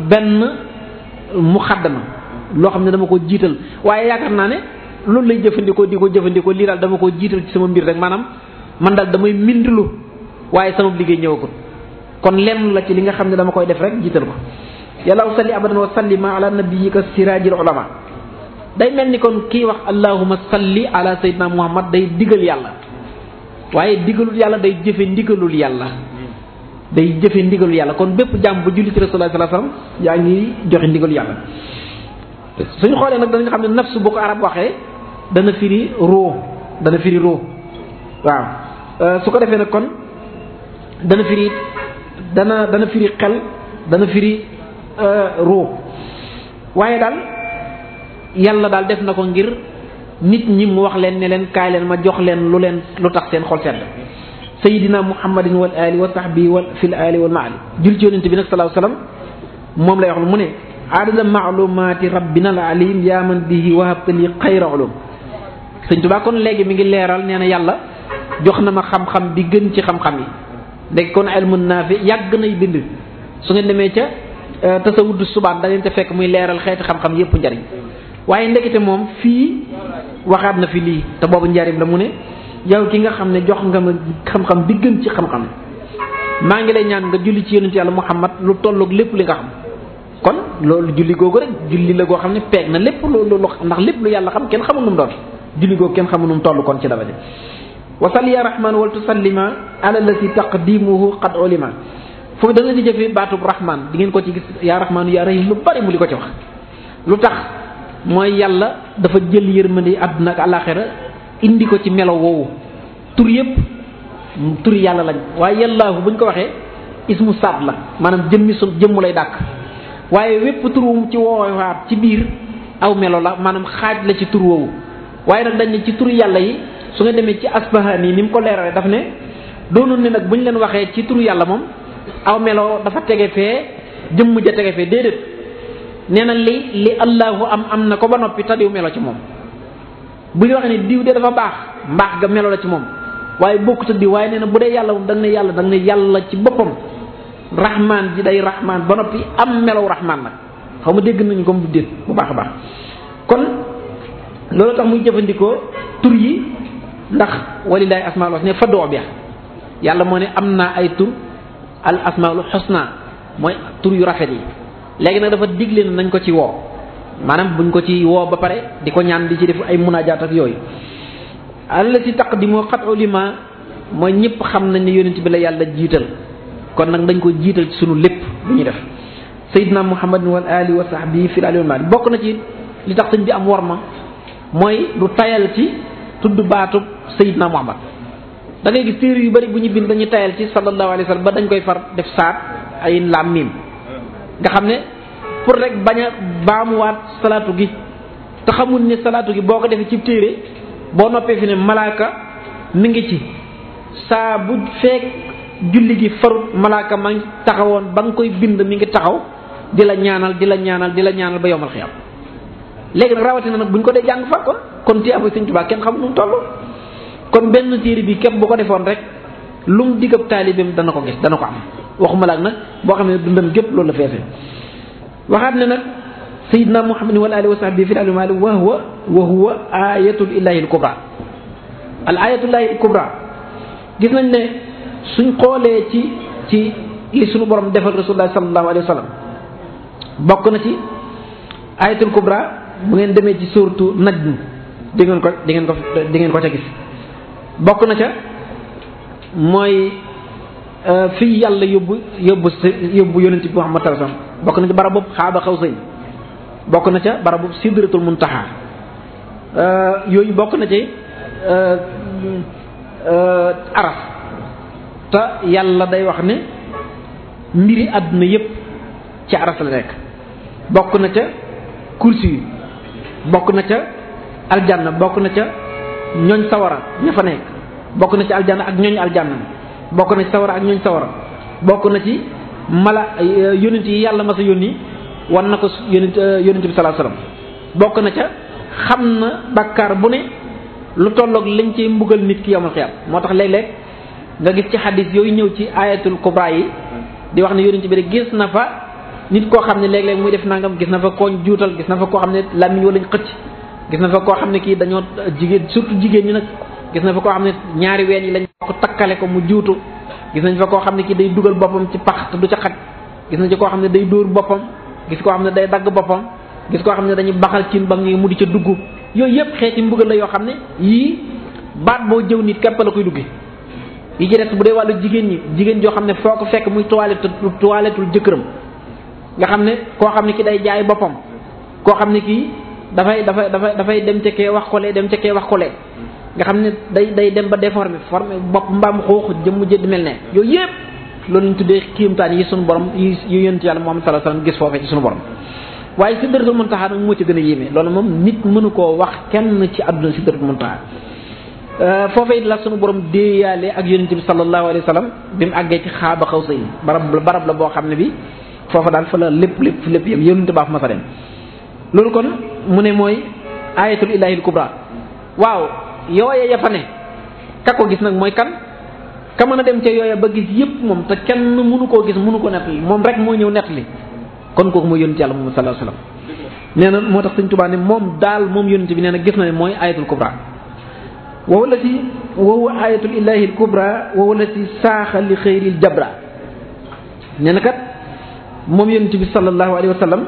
ben mu lo xamne khamne dama ko jital waye yakarna ne loolu lay jëfëndiko di ko jëfandikoo lii dama ko jital ci sama mbir rek manam man dal damay mindlu waye sama liggey ñëwagul kon lenn la ci li nga xamne dama koy def rek jital ko yàlla salli abadan wa sallima ala nabiyyika sirajil ulama day melni kon ki wax allahumma salli ala sayyidina muhammad day digal yalla waye digalul yalla day jëfé ndigalul yalla day jëfé ndigalul yalla kon bépp jamm bu julli ci rasulullah sallallahu alayhi wasallam ya ngi joxe ndigal yalla suñu xolé nak dañu xamne nafsu bu ko arab waxee dana firi ruh dana firi ruh waaw su ko defee nag kon dana firi dana dana firi xel dana firi ruux waaye daal yàlla daal def na ko ngir nit ñi mu wax leen ne leen kaay leen ma jox leen lu leen lu tax seen xol sedd sayidina muhammadin wal ali wa sahbi wal fil ali wal maali jul ci yonente bi nag salaahu salaam moom lay wax lu mu ne adada maalumaati rabbina al alim yaa man bihi wahabta li xayra ulum sëñ tubaa kon léegi mi ngi leeral nee na yàlla jox na ma xam-xam bi gën ci xam-xam yi léegi kon ilmu naafi yàgg nay bind su ngeen demee ca euh, tasawudu subaan da leen te fekk muy leeral xeeti xam-xam yépp njariñ waaye ndekete moom fii waxaat na fi lii te boobu njariñ la mu ne yow ki nga xam ne jox nga ma xam-xam bi gën ci xam-xam maa ngi lay ñaan nga julli ci yonent yàlla muhammad lu tolloog lépp li nga xam kon loolu julli googu rek julli la goo xam ne peeg na lépp loolu ndax lépp lu yàlla xam kenn xamul nu mu doon julli googu kenn xamul nu mu toll kon ci dafa ya rahman wa tusallima ala allati taqdimuhu qad ulima fo da nga di jëfé batub rahman di ngeen ko ci gis ya rahman ya rahim lu bari mu liko ci wax lu tax mooy yàlla dafa jël yërmandi aduna ak alakhira indi ko ci melo wo tur yépp tur yalla lañ wa yàllaahu buñ ko waxee ismu sad la manam jëmmi su jëmmu lay dak waye wépp tur wu ci woowaat ci bir aw melo la manam xaj la ci tur wo waye nak dañ ci tur yalla yi su nga demee ci asbahani ni mu ko leerale daf ne doonoon ne nag bu ñu leen waxee ci turu yàlla moom aw meloo dafa tege fee jëmm ja tege fee déedéet nee na li li allahu am am na ko ba noppi tadiw melo ci moom bu ñu waxee ne diw de dafa baax mbaax ga melo la ci moom waaye bokkut diw waaye nee na bu dee yàlla moom da ne yàlla da nga ne yàlla ci boppam rahman ji day rahman ba noppi am melow rahman nag xaw ma dégg nañu ko mu déet bu baax a baax ndax walillahi asmaul husna fad'u biha yàlla moo ne am naa ay tur al asmaul husna mooy tur yu rafet yi léegi nag dafa digle na nañ ko ci woo maanaam buñ ko ci woo ba pare di ko ñaan di ci def ay munaajaat ak yooyu di allati taqdimu qad ulima mooy ñëpp xam nañ ne yonent bi la yàlla jiital kon nag dañ koy jiital ci sunu lépp lu ñuy def sayyidina muhammadin wal ali wa bi fil ali wal maali bokk na ci li tax sëñ bi am worma mooy du tayal ci tuddu batuk sayyidna muhammad da ngay gis téere yu bari bu ñu bind dañu tayal ci sallallahu alaihi wasallam ba dañ koy far def saat ay lamim nga xamne banyak pour rek baña baamu wat salatu gi ta xamul ni salatu gi boko def ci téere bo noppé fi ne malaka mi ngi ci sa bu fek julli gi farut malaka ma taxawon bang koy bind mi ngi taxaw dila ñaanal dila ñaanal dila ñaanal ba yowal xiyam léegi nag rawatina nag bu buñ ko dee jàng far kon ci afa sëñ Tuubaa kenn xamul nu mu toll kon benn téere bi képp bu ko defoon rek lu mu digab taalibeem dana ko gis dana ko am waxuma laag nag boo xam ne dundam gépp loolu la feese waxaat ne nag sayidna na wal ali wa sahbi fi al mali wa huwa wa huwa ayatul ilahi al kubra al ayatul ilahi al kubra gis nañ ne suñ xoolee ci ci li suñu borom defal rasulullah sallallahu alayhi wa bokk na ci ayatul kubra bu ngeen demee ci surtu najm di ngeen ko di ngeen ko di ngeen ko ca gis bokk na ca mooy euh, fii yàlla yóbbu yóbbu yóbbu yonent bi Muhammad sallallahu alayhi wasallam bokk na ca barab boobu xaaba xaw sëñ bokk na ca barab boobu sidratul muntaha euh, yooyu bokk na ci euh, araf te yàlla day wax ne mbiri àdduna yépp ci araf la nekk bokk na ca kursi yi bokk na ca aljanna bokk na ca ñooñ sawara ña fa nekk bokk na ci aljanna ak ñoñ ñooñ aljanna bokk na ci sawara ak ñooñ sawara bokk na ci mala eh, yonent yi yàlla ma sa yónni war na ko yonent eh, yonent bi salaa salaam bokk na ca xam na bàkkaar bu ne lu tolloog lañ ci mbugal nit ki yawmal xiyaam moo tax léeg-léeg nga gis ci xadis yooyu ñëw ci ayatul kubra yi di wax ne yonent bi de gis na fa nit koo xam ne léeg-léeg muy def nangam gis na fa kooñ juutal gis na fa koo xam ne làmmiñ wala ñu xëcc gis na fa koo xam ne kii dañoo jigéen surtout jigéen ñi nag gis na fa koo xam ne ñaari ween yi lañ ko takkale ko mu juutu gis nañ fa koo xam ne kii day dugal boppam ci pax te du ca xaj gis nañ ci koo xam ne day dóor boppam gis koo xam ne day dagg boppam gis koo xam ne dañuy baxal cin ba mu mu di ca dugg yooyu yëpp xeeti mbugal la yoo xam ne yii baat boo jëw nit képp la koy dugge yi ci bu dee wàllu jigéen ñi jigéen joo xam ne foo ko fekk muy toilette toilettul jëkkëram nga xam ne koo xam ne ki day jaay boppam koo xam ne kii dafay dafay dafay dafay dem ca wax ko lee dem ca wax ko lee nga xam ne day day dem ba déformé formé bopp mbaam xoox jëmm jëdd mel ne yooyu yëpp loolu lañ tuddee kiimtaan yi suñu borom yi yu yonent yàlla Muhammad sallallahu alayhi wasallam gis foofee ci suñu borom waaye ci gën a yéeme loolu moom nit mënu koo wax kenn ci àdduna sidratul muntaha euh, foofee la sunu borom déeyaale ak yonent bi sallallahu alayhi wasallam bi mu àggee ci xaaba xaw sa yi barab barab la boo xam ne bi foofa daal fa la lépp lépp lépp yëpp yonente baa fa ma sa dem loolu kon mu ne mooy ayatul ilahil kubra waaw yooye ya fa ne ka ko gis nag mooy kan ka mën a dem ca yooya ba gis yëpp moom te kenn mënu koo gis munu ko nettali moom rek moo ñëw nettali kon kooku mooy yonente yàlla moom sallallahu alayhi na moo tax sëñ Tuubaa ne moom daal moom bi nee na gis na mooy ayatul kubra wa wallati wa huwa ayatul ilahi al kubra jabra nee na kat moom yonent bi sallallahu alayhi wa sallam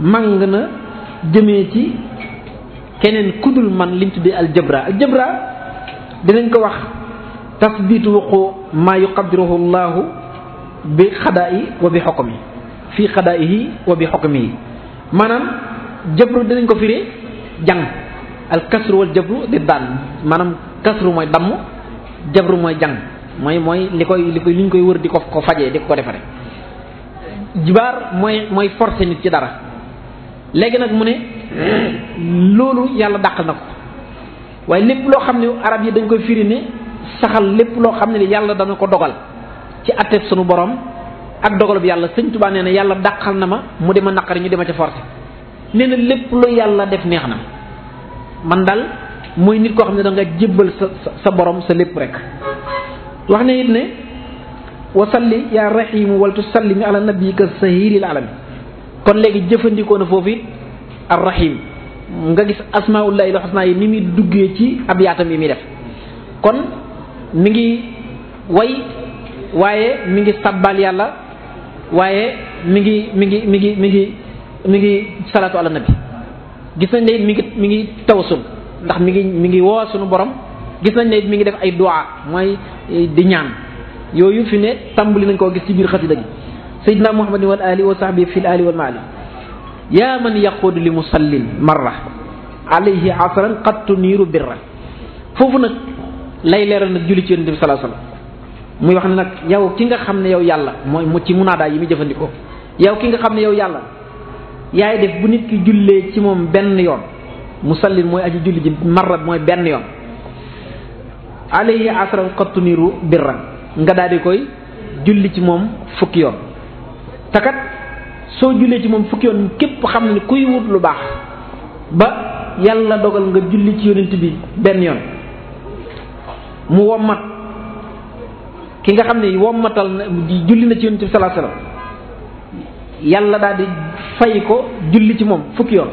màng na jëmee ci keneen kudul man liñ tuddee aljabra aljabra dinañ ko wax tasbiitu wuqu maa yuqadiruhu llahu bi yi wa bi xokmi fii xadaa'ihi wa bi xokmi maanaam jabru dinañ ko firee jàng al kasru wal jabru di daan maanaam kasru mooy damm jabru mooy jàng mooy mooy li koy li ko li ñu koy wër di ko ko fajee di ko ko defaree jibaar mooy mooy forcer nit ci dara léegi nag mu ne loolu yàlla dàq na ko waaye lépp loo xam ne arab yi dañ koy firi ne saxal lépp loo xam ne li yàlla dana ko dogal ci atteb sunu borom ak dogalub yàlla sëñ Tuubaa nee na yàlla dàqal na ma mu dema naqari ñu dema ca forcer nee na lépp lu yàlla def neex na man daal mooy nit koo xam ne da nga jébbal sa sa borom sa lépp rek wax ne it ne wa salli yaa rahimu wal tusallimi ala nabiyika sahiril alami kon léegi jëfandikoo na foofu it ar rahim nga gis asmaullahi lxusna yi ni muy duggee ci ab yaatam yi muy def kon mi ngi way waaye mi ngi sabbal yàlla waaye mi ngi mi ngi mi ngi mi ngi mi ngi salaatu ala nabi gis nañ ne mi ngi mi ngi tawasul ndax mi ngi mi ngi woo sunu borom gis nañ ne mi ngi def ay duwaa mooy di ñaan yooyu fi ne tàmbali nañ koo gis ci biir xasida gi sayidna muhammadin wal ali wa sahbi fi l ali wal maali yaa man yaquud li musallin marra alayhi asran qad tuniiru birra foofu nag lay leeral nag julli ci yonente bi salaa sallam muy wax ne nag yow ki nga xam ne yow yàlla mooy mu ci munaadaa yi muy jëfandikoo yow ki nga xam ne yow yàlla yaay def bu nit ki jullee ci moom benn yoon musallin mooy aji julli ji marra mooy benn yoon alayhi asran qad nga daal di koy julli ci moom fukki yoon takat soo jullee ci moom fukki yoon képp xam ne kuy wut lu baax ba yàlla dogal nga julli ci yonent bi benn yoon mu wommat ki nga xam ne wommatal na julli na ci yonent bi salaa salaam yàlla daal di fay ko julli ci moom fukki yoon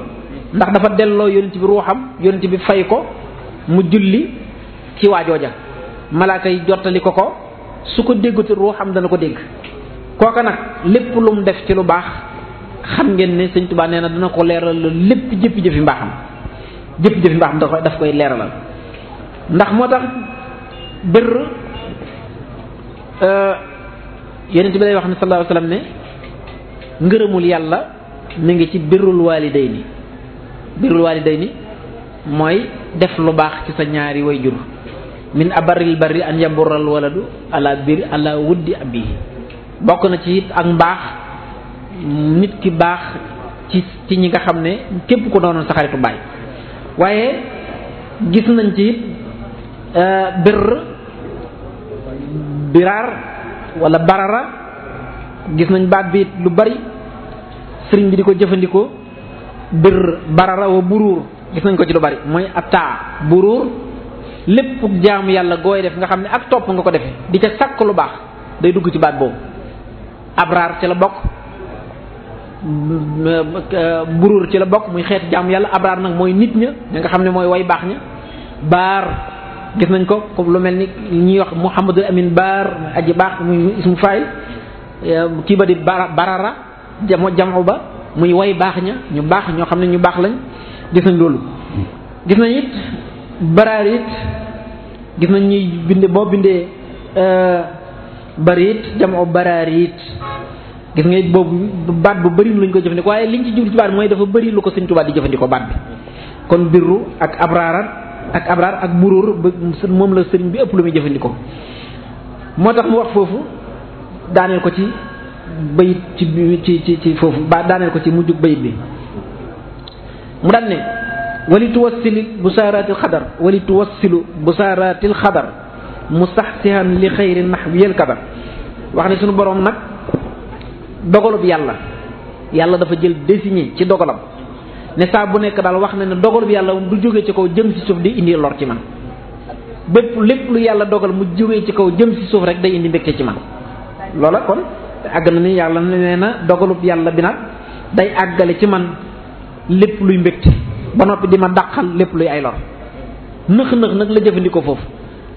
ndax dafa delloo yonent bi ruuxam yonent bi fay ko mu julli ci waajooja malaaka yi jottali ko ko su ko dégguti ruuxam dana ko dégg kooka nag lépp lu mu def ci lu baax xam ngeen ni sëñ Tuubaa nee na dana ko leeralal lépp jëpp jëfi mbaaxam jëpp jëfi mbaaxam da koy daf koy leeralal ndax moo tax bir euh, yonent bi lay wax ne sallallahu alayhi wasallam ne ngërëmul yàlla mi ngi ci birrul waalidayni birrul waalidayni mooy def lu baax ci sa ñaari way jur min abaril bari an yabural du ala bir di wuddi abihi bokk na ci it ak mbaax nit ki baax ci ci ñi nga xam ne képp ko doon sa xaritu baay waaye gis nañ ci it euh, bir biraar wala barara gis nañ baat bi lu bari sëriñ bi di ko jëfandikoo bir barara wa buruur gis nañ ko ci lu bari mooy ataa buruur lépp jaamu yàlla gooy def nga xam ne ak topp nga ko defee di ca sàkk lu baax day dugg ci baat boobu abraar ci la bokk euh, buruur ci la bokk muy xeet jaamu yàlla abraar nag mooy nit ña ña nga xam ne mooy way baax ña baar gis nañ ko ko lu mel ni ñuy wax mu muhammadul amin baar aji baax muy ismu faayil euh, kii ba di barara jamo jamu ba muy woy baax ña ñu baax ñoo xam ne ñu baax lañ gis nañ loolu hmm. gis nañ it baraarit gis nañ ñuy binde boo bindee euh, bariit jamoo baraarit gis nga it boobu baat bu bëri lañ ko jëfandikoo waaye liñ ci jublu ci baat mooy dafa bëri lu ko sëñ Tuubaa di jëfandikoo baat bi kon birru ak abraar ak abraar ak buruur moom la sëriñ bi ëpp lu muy jëfandikoo moo tax mu wax foofu daaneel ko ci bayit ci ci ci foofu ba daaneel ko ci mujjug bayit bi mu daan ne wali tuwassili busaaraatil xadar wali tuwassilu busaaraatil xadar mustaxsihan li xayri naxwiyal kadar wax ne suñu boroom nag dogalub yàlla yàlla dafa jël désigné ci dogalam ne saa bu nekk daal wax na ne dogalub yàlla du jóge ci kaw jëm si suuf di ci man bépp lépp lu yàlla dogal mu jóge ci kaw jëm suuf rek day indi mbégte ci man loola àgg na ni yàlla nee na dogalub yàlla bi nag day àggale ci man lépp luy mbégte ba noppi di ma dàqal lépp luy ay lor nëx nëx nag la jëfandikoo foofu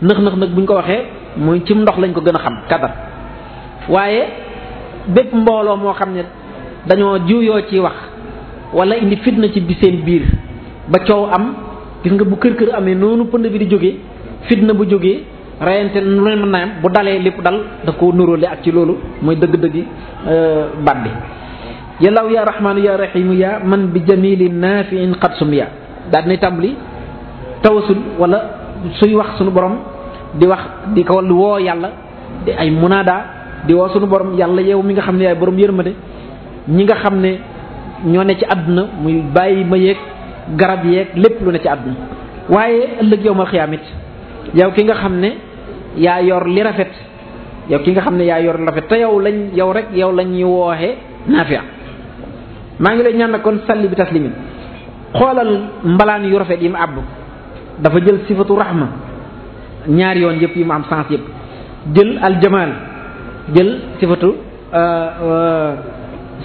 nëx nëx nag bu ñu ko waxee mooy ci ndox lañ ko gën a xam kadar waaye bépp mbooloo moo xam ne dañoo juyoo ci wax wala indi fitna ci bi seen biir ba coow am gis nga bu kër kër amee noonu pënd bi di jógee fitna bu jógee rayante lu ne mën naa bu dalee lépp dal daf ko nuróole ak ci loolu mooy dëgg-dëggi euh, baat bi ya ya rahmaanu ya rahimu ya man bi jamilin naafiin qad sum ya daal dinay tawasul wala suy wax sunu borom di wax di ko woo yàlla di ay munaadaa di woo sunu borom yàlla yow mi nga xam ne yaay borom yërmande ñi nga xam ne ñoo ne ci àdduna muy bàyyi ma yeeg garab yeeg lépp lu ci àdduna waaye ëllëg yow mal xiyaamit yow ki nga xam ne yaa yor li rafet yow ki nga xam ne yaa yor li rafet te yow lañ yow rek yow lañuy ñu wooxe naafiya mangi lay ñaan kon salli bi taslimin xolal mbalaan yu rafet yi mu àbb dafa jël sifatu rahma ñaar yoon yep yi mu am sens yep jël al jamal jël sifatu euh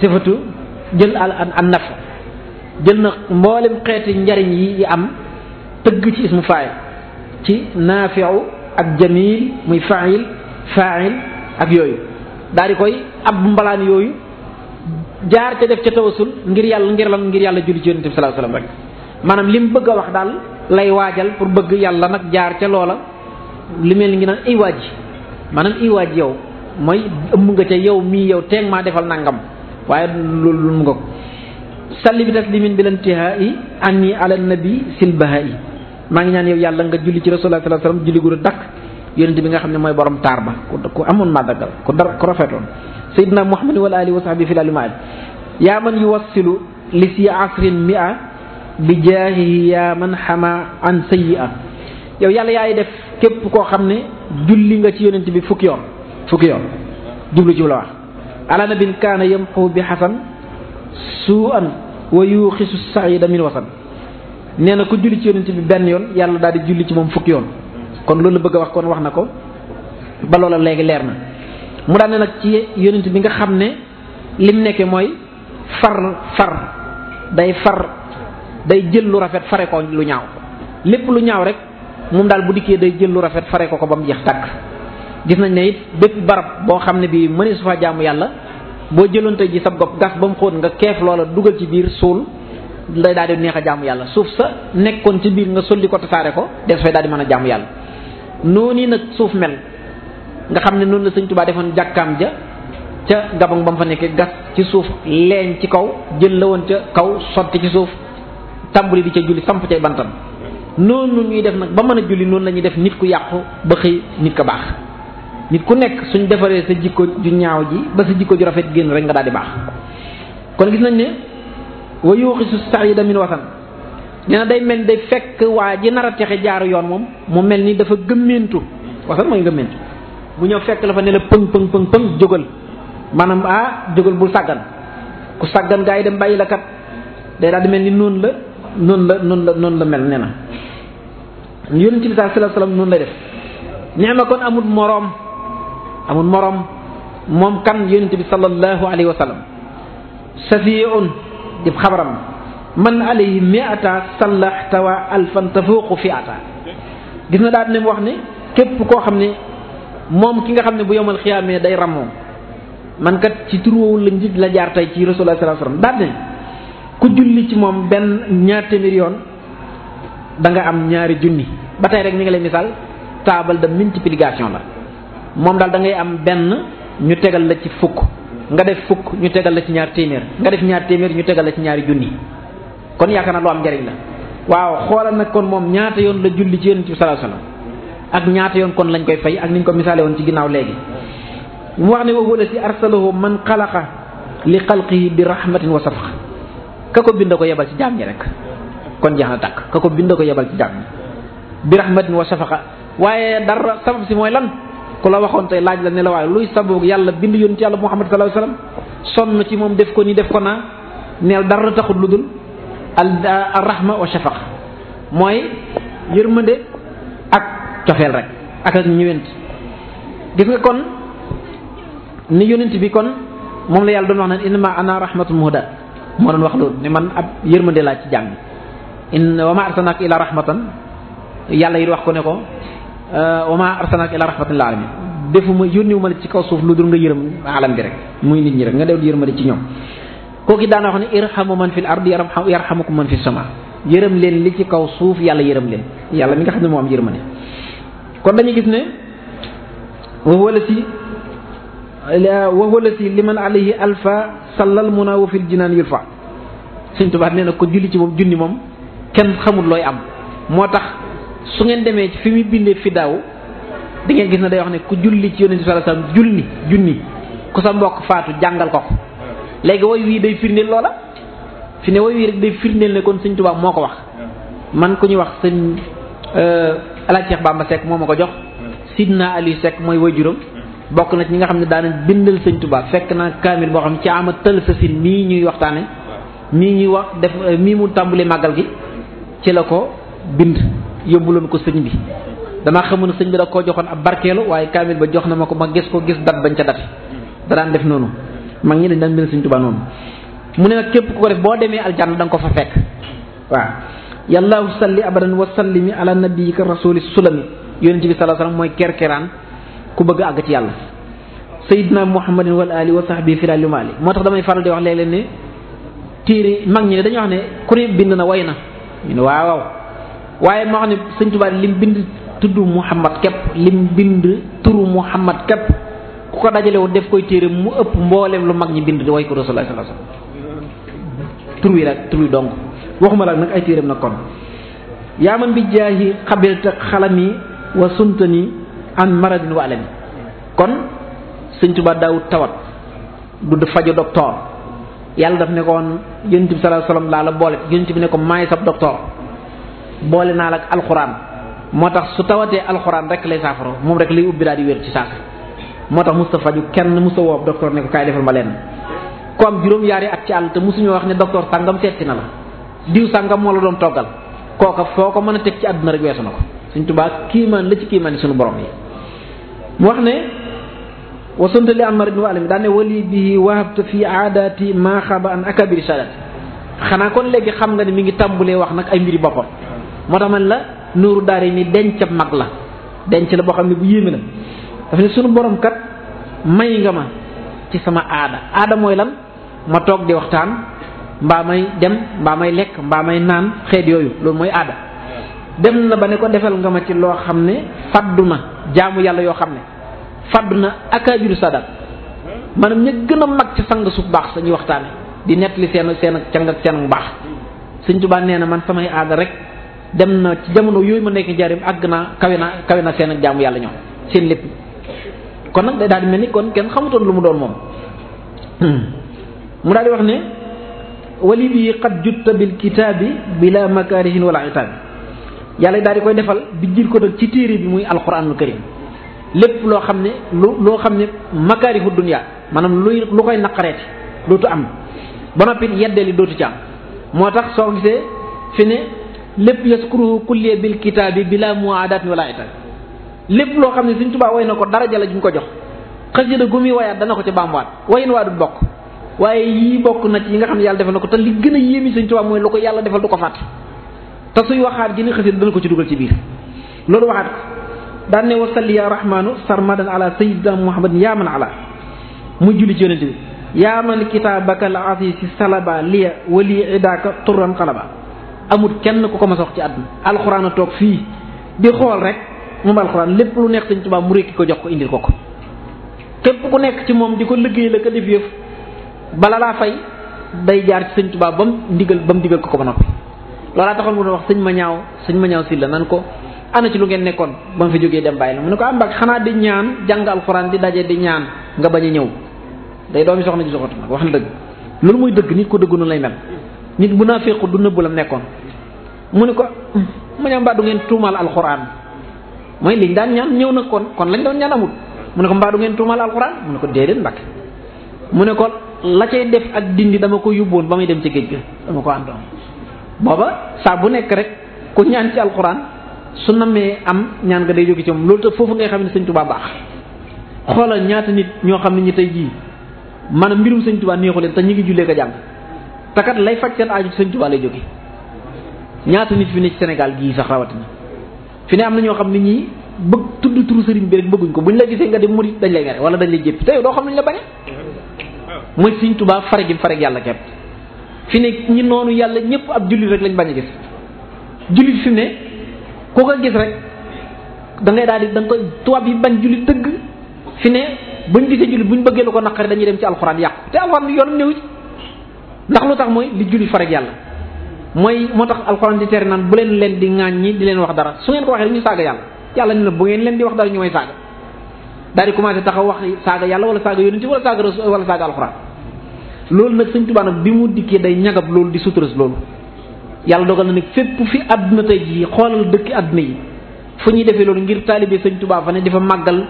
sifatu jël al an naf jël na mbolim xéti ñariñ yi yi am teug ci ismu fa'il ci nafi'u ak jamil muy fa'il fa'il ak yooyu dari koy ab mbalaan yooyu jaar ca def ca tawasul ngir yàlla ngir lan ngir yàlla julli ci yonent bi sallallahu alayhi rek maanaam li mu bëgg a wax daal lay waajal pour bëgg yàlla nag jaar ca loola li mel ngi naan iwaaj maanaam iwaaj yow mooy ëmb nga ca yow mii yow teeg maa defal nangam waaye loolu lu mu nga ko salli bi taslimin bi lan tihaa i anni ala nabi silbaha i maa ngi ñaan yow yàlla nga julli ci rasulullah sallallahu alayhi wasallam julli gu dakk yonent bi nga xam ne mooy borom taar ba ku amoon màddagal ku dar ku rafetoon sayyidina muhammadin wala alihi wa sahbi fi alimaad yaa man yuwassilu li si asrin mia bi jaahihi yaa man xama an sayyi'a yow yàlla yaay def képp koo xam ne julli nga ci yonent bi fukki yoon fukki yoon jublu ci la wax ala nabin kaana yamxu bi xasan suu an wa yuxisu saida min wasan nee na ku julli ci yonent bi benn yoon yàlla daal di julli ci moom fukki yoon kon loolu bëgg a wax kon wax na ko ba loola léegi leer na mu daal ne nag ci yonent bi nga xam ne lim nekkee mooy far far day far day jël lu rafet fare ko lu ñaaw lépp lu ñaaw rek moom daal bu dikkee day jël lu rafet fare ko ko ba mu jeex takk gis nañ ne it bépp barab boo xam ne bii mënee su fa jaamu yàlla boo jëloon tey ji sab gopp gas ba mu xóot nga keef loola dugal ci biir suul day daal di neex a jàmm yàlla suuf sa nekkoon ci biir nga solli ko tasaare ko des fay daal di mën a jàmm yàlla noonu nag suuf mel nga xamne ne noonu la sëñ tubaa ja ca gabang bam fa nekkee gas ci souf leen ci kaw jël la won ca kaw soti ci souf tambuli di ca julli samp cay bantam noonu ñuy def nak ba meuna julli non lañuy def nit ku yàqu ba xey nit ka bax nit ku nek suñ defare sa jikko ju ñaaw ji ba sa jikko ju rafet genn rek nga daal di baax kon gis nañ ne wa yuuxisu saida min watan nee day mel day fekk waaji nara taxé jaaru yoon mom mu melni ni dafa gëmmeentu watan moy bu ñëw fekk la fa ne la pëng pëng pëng pëng jógal maanaam ah jógal bul sàggan ku sàggan gaa yi dem bàyyi la kat day daal di mel ni noonu la noonu la noonu la noonu la mel nee na yonent bi sallallahu alayhi wasallam noonu la def nee ma kon amul moroom amul moroom moom kan yonent bi sallallahu alayhi wasallam safiun di xabaram man alayhi miata sallaxtawa alfan tafuuqu fiata gis na daal ne wax ne képp koo xam ne mom ki nga xamne bu yomal khiyamé day mom man kat ci turuul la njit la jaar tay ci rasulullah sallallahu alaihi wasallam dal ku julli ci mom ben ñaar témir yoon da nga am ñaari junni batay rek ni nga lay misal table de multiplication la mom dal da ngay am ben ñu tégal la ci fukk nga def fukk ñu tégal la ci ñaar témir nga def ñaar témir ñu tégal la ci ñaari junni kon yaaka na lo am njariñ la waaw xolal nak kon mom ñaata yoon la julli ci yonent ci sallallahu alaihi wasallam ak ñaata yoon kon lañ koy fay ak niñ ko misaale woon ci ginnaaw léegi mu wax ne wa huwa lati arsalahu man xalaqa li xalqihi bi rahmatin wa safq ka ko bind ko yebal ci jaam ñi rek kon jeex na tàkk ka bind ko yebal ci jaam ñi bi rahmatin wa safaqa waaye dara sabab si mooy lan ku la waxoon tey laaj la ne la waaye luy sabab yàlla bind yoon yonent yàlla muhammad sallallahu alayhi wasallam sonn ci moom def ko nii def ko naa neel dara taxut lu dul al rahma wa safaqa mooy yërmande ak cofeel rek ak ak ñëwent gis nga kon ni yonent bi kon moom la yàlla doon wax ne innama ana rahmatul muhda moo doon wax loolu ne man ab yërmande laa ci jàng in wa ma arsalnaaka ila yàlla yi wax ko ne ko wa ma arsalnaaka ila rahmatan lil alamin defuma yónniwuma la ci kaw suuf lu dul nga yërëm alam bi rek muy nit ñi rek nga def di yërmande ci ñoom kooki daana wax ne irhamu man fil ardi ko man fi sama yërëm leen li ci kaw suuf yàlla yërëm leen yàlla mi nga xam ne moo am yërmande kon dañuy gis ne waxu la si waxu la si liman alayhi alfa sallal muna wa fil jinaan yulfa Sëñ Tuubaa ne na ko julli ci moom junni moom kenn xamul looy am moo tax su ngeen demee ci fi muy bindee fi daaw di ngeen gis ne day wax ne ku julli ci yonent bi sallallahu alayhi wasallam junni ku sa mbokk faatu jàngal ko ko léegi woy wii day firndeel loola fi ne woy wii day firndeel ne kon Sëñ Tuubaa moo ko wax man ku ñu wax sëñ euh, alaaj baa ma Seck moo ma ko jox Sidna Aliou Seck mooy juróom bokk na ci ñi nga xam ne daanañ bindal sëñ Tuubaa fekk naa kaamil boo xam ci ama tël sa sin mii ñuy waxtaane mii ñuy wax def mii mu tàmbali màggal gi ci la ko bind yóbbuloon ko sëñ bi damaa xamoon sëñ bi da koo joxoon ab barkeelu waaye kaamil ba jox na ma ko ma gis ko gis dat bañ ca da danaan def noonu mag ñi dañ daan bindal sëñ Tuubaa noonu mu ne nag képp ku ko def boo demee aljanna da nga ko fa fekk waaw yàllaahu salli abadan wa sallimi ala nabiyika rasuli sulami yonent bi salaa salaam mooy kerkeraan ku bëgg a àgg ci yàlla sayidna muhammadin wal ali wa sahbi fi laali maali moo tax damay faral di wax léeg-léeg ne mag ñi ne dañuy wax ne ku bind na way na ñu ne waaw waaw waaye moo xam ne sëñ Tuubaa lim bind tudd muhammad képp lim bind turu muhammad képp ku ko dajalewu def koy téere mu ëpp mbooleem lu mag ñi bind di way ko rasulullah salaa salaam tur wi rek tur waxuma laa nag ay téeram na kon yaa man bi jaahi xabilta xalami wa sumtani an maradin wa alami kon sëñ Tuubaa daawut tawat du faju docteur yàlla daf ne ko woon yonent bi sallallahu alayhi wasallam laa la bi ne ko maay sab docteur boole naa la ak alxuraan moo tax su tawatee alxuraan rek lay saafaro moom rek lay ubbi daal di wér ci saafara moo tax musta faju kenn musta woo docteur ne ko kaay defal ma leen ku am juróom-yaari at ci àll te musuñu wax ne docteur sàngam seeti na la diw sangam mo la doon togal koka foko meuna tek ci aduna rek wessu nako seigne touba la ci sunu borom yi wax ne sunta li amar ibn walim dane wali bihi wahabta fi aadati ma khaba an akabiri salat xana kon legi xam nga ni mi ngi tambule wax nak ay mbiri bopam motam la nuru dari ni denc mag la denc la bo xamni bu yéeme na dafa ni sunu borom kat may nga ma ci sama aada aada moy lan ma tok di waxtan mbamay dem mbamay lek mbamay nan may yoyu xeet moy ada dem na ba ne ko defal nga ma ci lo xam faduma jaamu yalla yo xam faduna akajur na sadaq manam ñe gëna mag ci sang su baax sañuy waxtane di netli seen seen càng ak seen bax señ tuba neena man samay aada rek dem na ci jamono yoy ma nekk jarim agna kawena kawena na seen ak jaamu yalla ñoo seen lepp kon nak day daal melni kon kenn xamutoon lu mu doon mom hmm. mu daal di wax ne wali bi xat jutta bil kitaabi bila makarihin wala itaabi yàlla daal di koy defal bi bijjil ko nag ci téere bi muy alquranul karim lépp loo xam ne lu loo xam ne makarihu dunya maanaam luy lu koy naqareeti dootu am ba noppi yeddali dootu ci am moo tax soo gisee fi ne lépp yaskuruhu kulliya bil kitaabi bila muaadatin wala itaabi lépp loo xam ne suñ Tuubaa way na ko dara la juñ ko jox xasida gu muy wayaat dana ko ci baamuwaat wayin waa du bokk waaye yii bokk na yi nga xam yàlla defal na ko te li gën a yéemi Sëñ Tuubaa mooy lu ko yàlla defal du ko fàtte te suy waxaat gën a xasida dana ko ci dugal ci biir loolu waxaat ko daan ne wasalli ya rahmaanu sarmadan ala sayyidina muhammadin yaa man ala mu julli ci yonent bi yaa man kitaabaka al asiisi salaba liya wali idaaka turan xalaba amul kenn ku ko mas ci àdduna alxuraan a toog fii di xool rek moom alxuraan lépp lu neex Sëñ Tuubaa mu rekki ko jox ko indil ko ko képp ku nekk ci moom di ko liggéey la bala laa fay day jaar ci seigne touba bam ndigal bam digal ko ko nopi lola taxal mu wax seigne ma ñaaw sëñ ma ñaaw si la nan ko ana ci lu ngeen nekkon bam fi joge dem bàyyi mu ne ko am ah, bak xana di ñaan jang alcorane di dajje di ñaan nga baña ñew day doomi soxna ci soxatu wax na deug loolu muy deug nit ko dëggu nu lay mel nit bu du lam mu ne ko mm, du ngeen tumal alcorane moy liñ daan ñaan ñew na kon kon lañ doon ñaan amul mu ne ko mbaa du ngeen tumal alcorane mu ne ko dedeen mbak mu ne ko la cay def ak dindi dama ko yóbboon ba may dem ci géej ga dama ko àndoon booba saa bu nekk rek ku ñaan ci alxuraan su namee am ñaan nga day jóge ci moom loolu te foofu ngay xam ne sëñ Tuubaa baax xoolal ñaata nit ñoo xam ne ñi tey jii maanaam mbirum sëñ Tuubaa neexu leen te ñu ngi jullee ko jàng te kat lay faj seen aaju sëñ Tuubaa lay jóge ñaata nit fi ne ci Sénégal gii sax rawatina fi ne am na ñoo xam ne ñii bëgg tudd turu sëriñ bi rek bëgguñ ko buñ la gisee nga dañ lay mere wala dañ lay te yow moy seigne touba fare gi fare yàlla kepp fi ne ñi nonu yalla ñepp ab jullit rek lañ bañ gis jullit fi ne ko ko gis rek da ngay daal di da nga koy bi bañ jullit dëgg fi ne buñ gisee jullit buñ bëggee lu ko naqari dañuy dem ci alxuraan yaq te alxuraan yoon néew ci ndax lu tax moy li jullit farek yalla moy motax tax di tere nan bu len len di ŋaañ ñi di len wax dara su ngeen ko waxe ñu saga yalla yalla ne bu ngeen len di wax dara ñu may saga dari commencé taxaw wax saga yalla wala saaga yonent wala saga rasul wala saga alxuraan loolu nag sëñ Tuubaa nag bi mu dikkee day ñagab loolu di suturas loolu yàlla dogal na nag fépp fi àdduna tey jii xoolal dëkk àdduna yi fu ñuy defee loolu ngir taalibe sëñ Tuubaa fa ne di fa màggal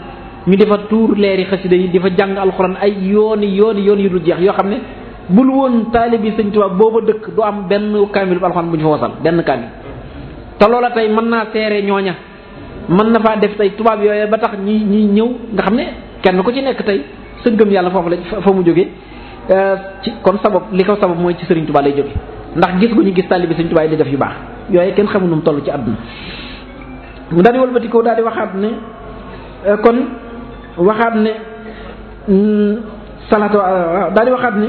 ñu di fa tuur leeri xasida yi di fa jàng alxuraan ay yooni yooni yoon yu dul jeex yoo xam ne bul woon taalibe sëñ Tuubaa booba dëkk du am benn kaamil bu alxuraan bu ñu fa benn kaamil te loola tey mën naa seere ñooña mën na faa def tey tubaab yooyu ba tax ñi ñi ñëw nga xam ne kenn ku ci nekk tey sëngëm yàlla foofu la fa mu jógee ci kon sabab li ko sabab mooy ci Serigne Touba lay jóge ndax gis gu ñu gis talibi Serigne Touba yi di def yu baax yooyu kenn xamul nu mu toll ci àdduna mu daal di wëlbati ko daal di waxaat ne kon waxaat ne salatu daal di waxaat ne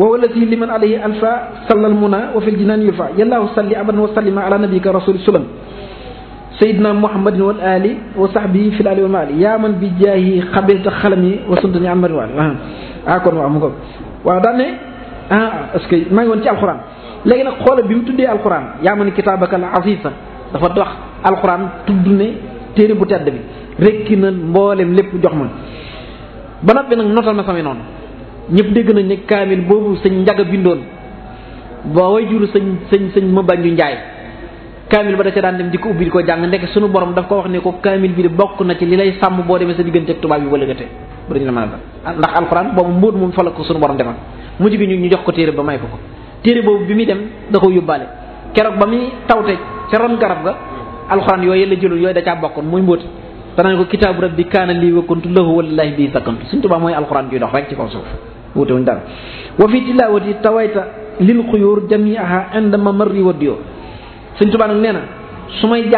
وهو الذي لمن عليه ألفا صلى المنى وفي الجنان يرفع يلا صلي أبدا وسلم على نبيك رسول السلام سيدنا محمد والآل وصحبه في الآل والمال يا من بجاهي خبرت خلمي وصدني عن مروان ah kon waaw mu ko waaw daan ne ah que maa ngi woon ci alxuraan léegi nag xoolal bi mu tuddee alxuraan yaa ma ni kitaabaka al aziza dafa dox alxuraan tudd ne téere bu tedd bi rekki na mboolem lépp jox ma ba noppi nag notal ma samay noonu ñëpp dégg nañ ne kaamil boobu sëñ njaga bindoon ba way juru sëñ sëñ sëñ ma bañ ju njaay kaamil ba da ca daan dem di ko ubbi di ko jàng ndekk sunu borom daf ko wax ne ko kaamil bi de bokk na ci li lay sàmm boo demee sa diggante ak ba duñ la mën a ah, ndax alxuraan boobu mbóot moom fa suñu borom defal mujj gi ñu ñu jox ko téere ba may ko ko téere boobu bi muy dem da ko yóbbaale keroog ba muy tawte ca ron garab ga alxuraan yooyu la jëlul yooyu da caa bokkoon muy mbóot danañ ko kitaabu rabbi kaana lii wa kuntu lahu wallahi bii sakantu suñ tubaab mooy alxuraan juy dox rek ci kaw suuf wuute wuñ dara wa fi tilaawati tawayta lil xuyóor jamiaha inda mamarri wa diyo suñ tubaab nag nee na su may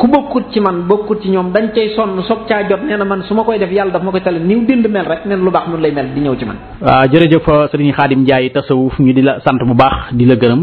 ku bokkut ci man bokkut ci ñoom dañ cay sonn soog caa jot nee na man su ma koy def yàlla daf ma koy tale niw dind mel rek neen lu baax noonu lay mel di ñëw ci man. waaw jërëjëf Serigne Khadim Ndiaye tasawuf ñu di la sant bu baax di la gërëm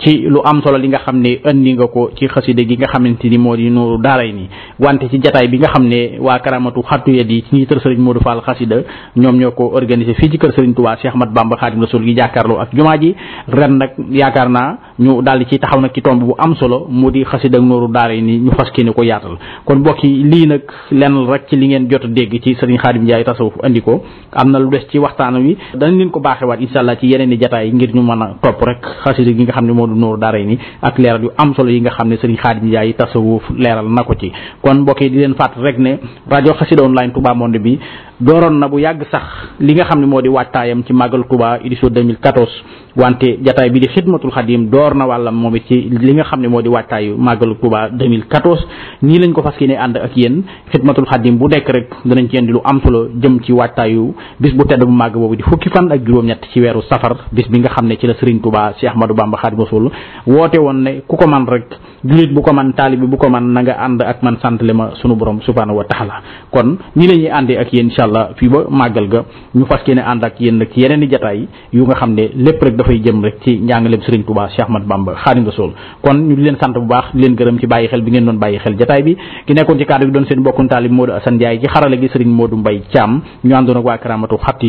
ci lu am solo li nga xam ne andi nga ko ci xaside gi nga xamante ni moo di nuuru daaray ni wante ci jataay bi nga xam ne waa karamatu xattu yet yi ci ñuy tër sëriñ Modou Fall xasida ñoom ñoo ko organisé fii ci kër sëriñ Touba Cheikh Ahmad Bamba Khadim Rasoul gi jàkkaarloo ak jumaa ji ren nag yaakaar naa ñu ci taxaw nag ci tomb bu am solo mu di xasida ak nuuru daaray ni ñu fas ko yaatal kon bokki yi lii nag lenn rek ci li ngeen jot a dégg ci sëriñ Khadim Ndiaye tasawuf andi ko am na lu des ci waxtaan wi dañ leen ko baaxewaat incha allah ci yeneen i jataay ngir ñu mën a topp rek xasida gi nga xam Mamadou Nour Daaray ni ak leeral yu am solo yi nga xam ne sëriñ Xaadim Njaay tasawuf leeral na ko ci kon mbokk di leen fàtt rek ne rajo Xassida Online Touba Monde bi dooroon na bu yàgg sax li nga xam ne moo di waajtaayam ci màggal Touba édition 2014 wante jataay bi di xidmatul xadim door na wàllam moom it ci li nga xam ne moo di waajtaayu màggalu Touba 2014 nii lañ ko fas yéene ànd ak yéen xidmatul xadim bu nekk rek danañ ci indi lu am solo jëm ci waajtaayu bis bu tedd bu màgg boobu di fukki fan ak juróom ci weeru safar bis bi nga xam ne ci la Serigne Touba Cheikh Ahmadou Bamba Xaadimu Rasuul woote woon ne ku ko rek jullit bu ko man taalibi bu ko man ànd ak man santale ma sunu borom subhaanahu wa taala kon nii la àndee ak yéen incha allah fii ba màggal ga ñu fas yéene ànd ak yéen nag yeneen i jataay yu nga xam ne lépp rek dafay jëm rek ci njàngaleem Serigne Touba Cheikh Ahmad Bamba Xaadimu Rasuul kon ñu di leen sant bu baax di leen gërëm ci bàyyi xel bi ngeen doon bàyyi xel jataay bi ki nekkoon ci cadre bi doon seen bokkum taalib Modou Assane Ndiaye ci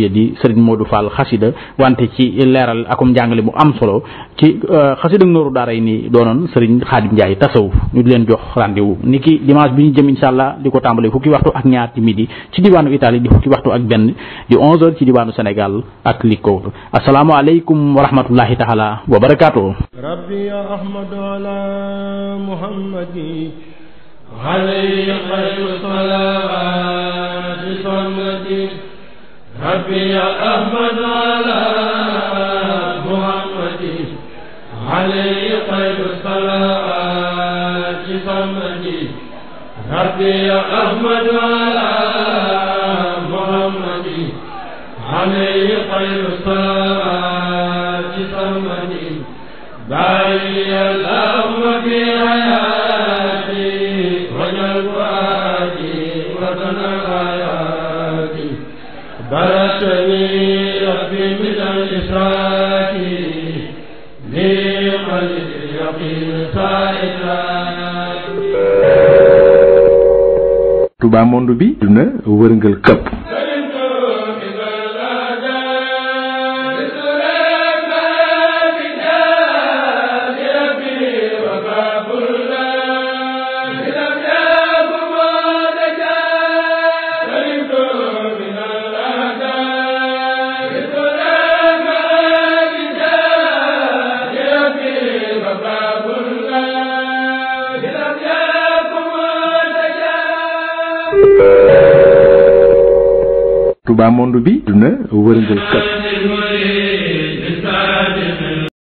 di Serigne Modou Fall xasida wante ci leeral akum njàngale mu am solo ci euh, xasida nooru ak ñaar ci midi ci diwaanu wa rahmatullahi taala wa barakaatu rabbi ya ahmadu ala muhammadi alayhi xayru salawaati sonnati rabbi ya ahmadu ala muhammadi alayhi xayru salawaati sonnati rabbi ya ahmadu ala muhammadi alayhi xayru salawaati Touba monde bi duna wërngal këpp Touba monde bi. duna wërngal kat.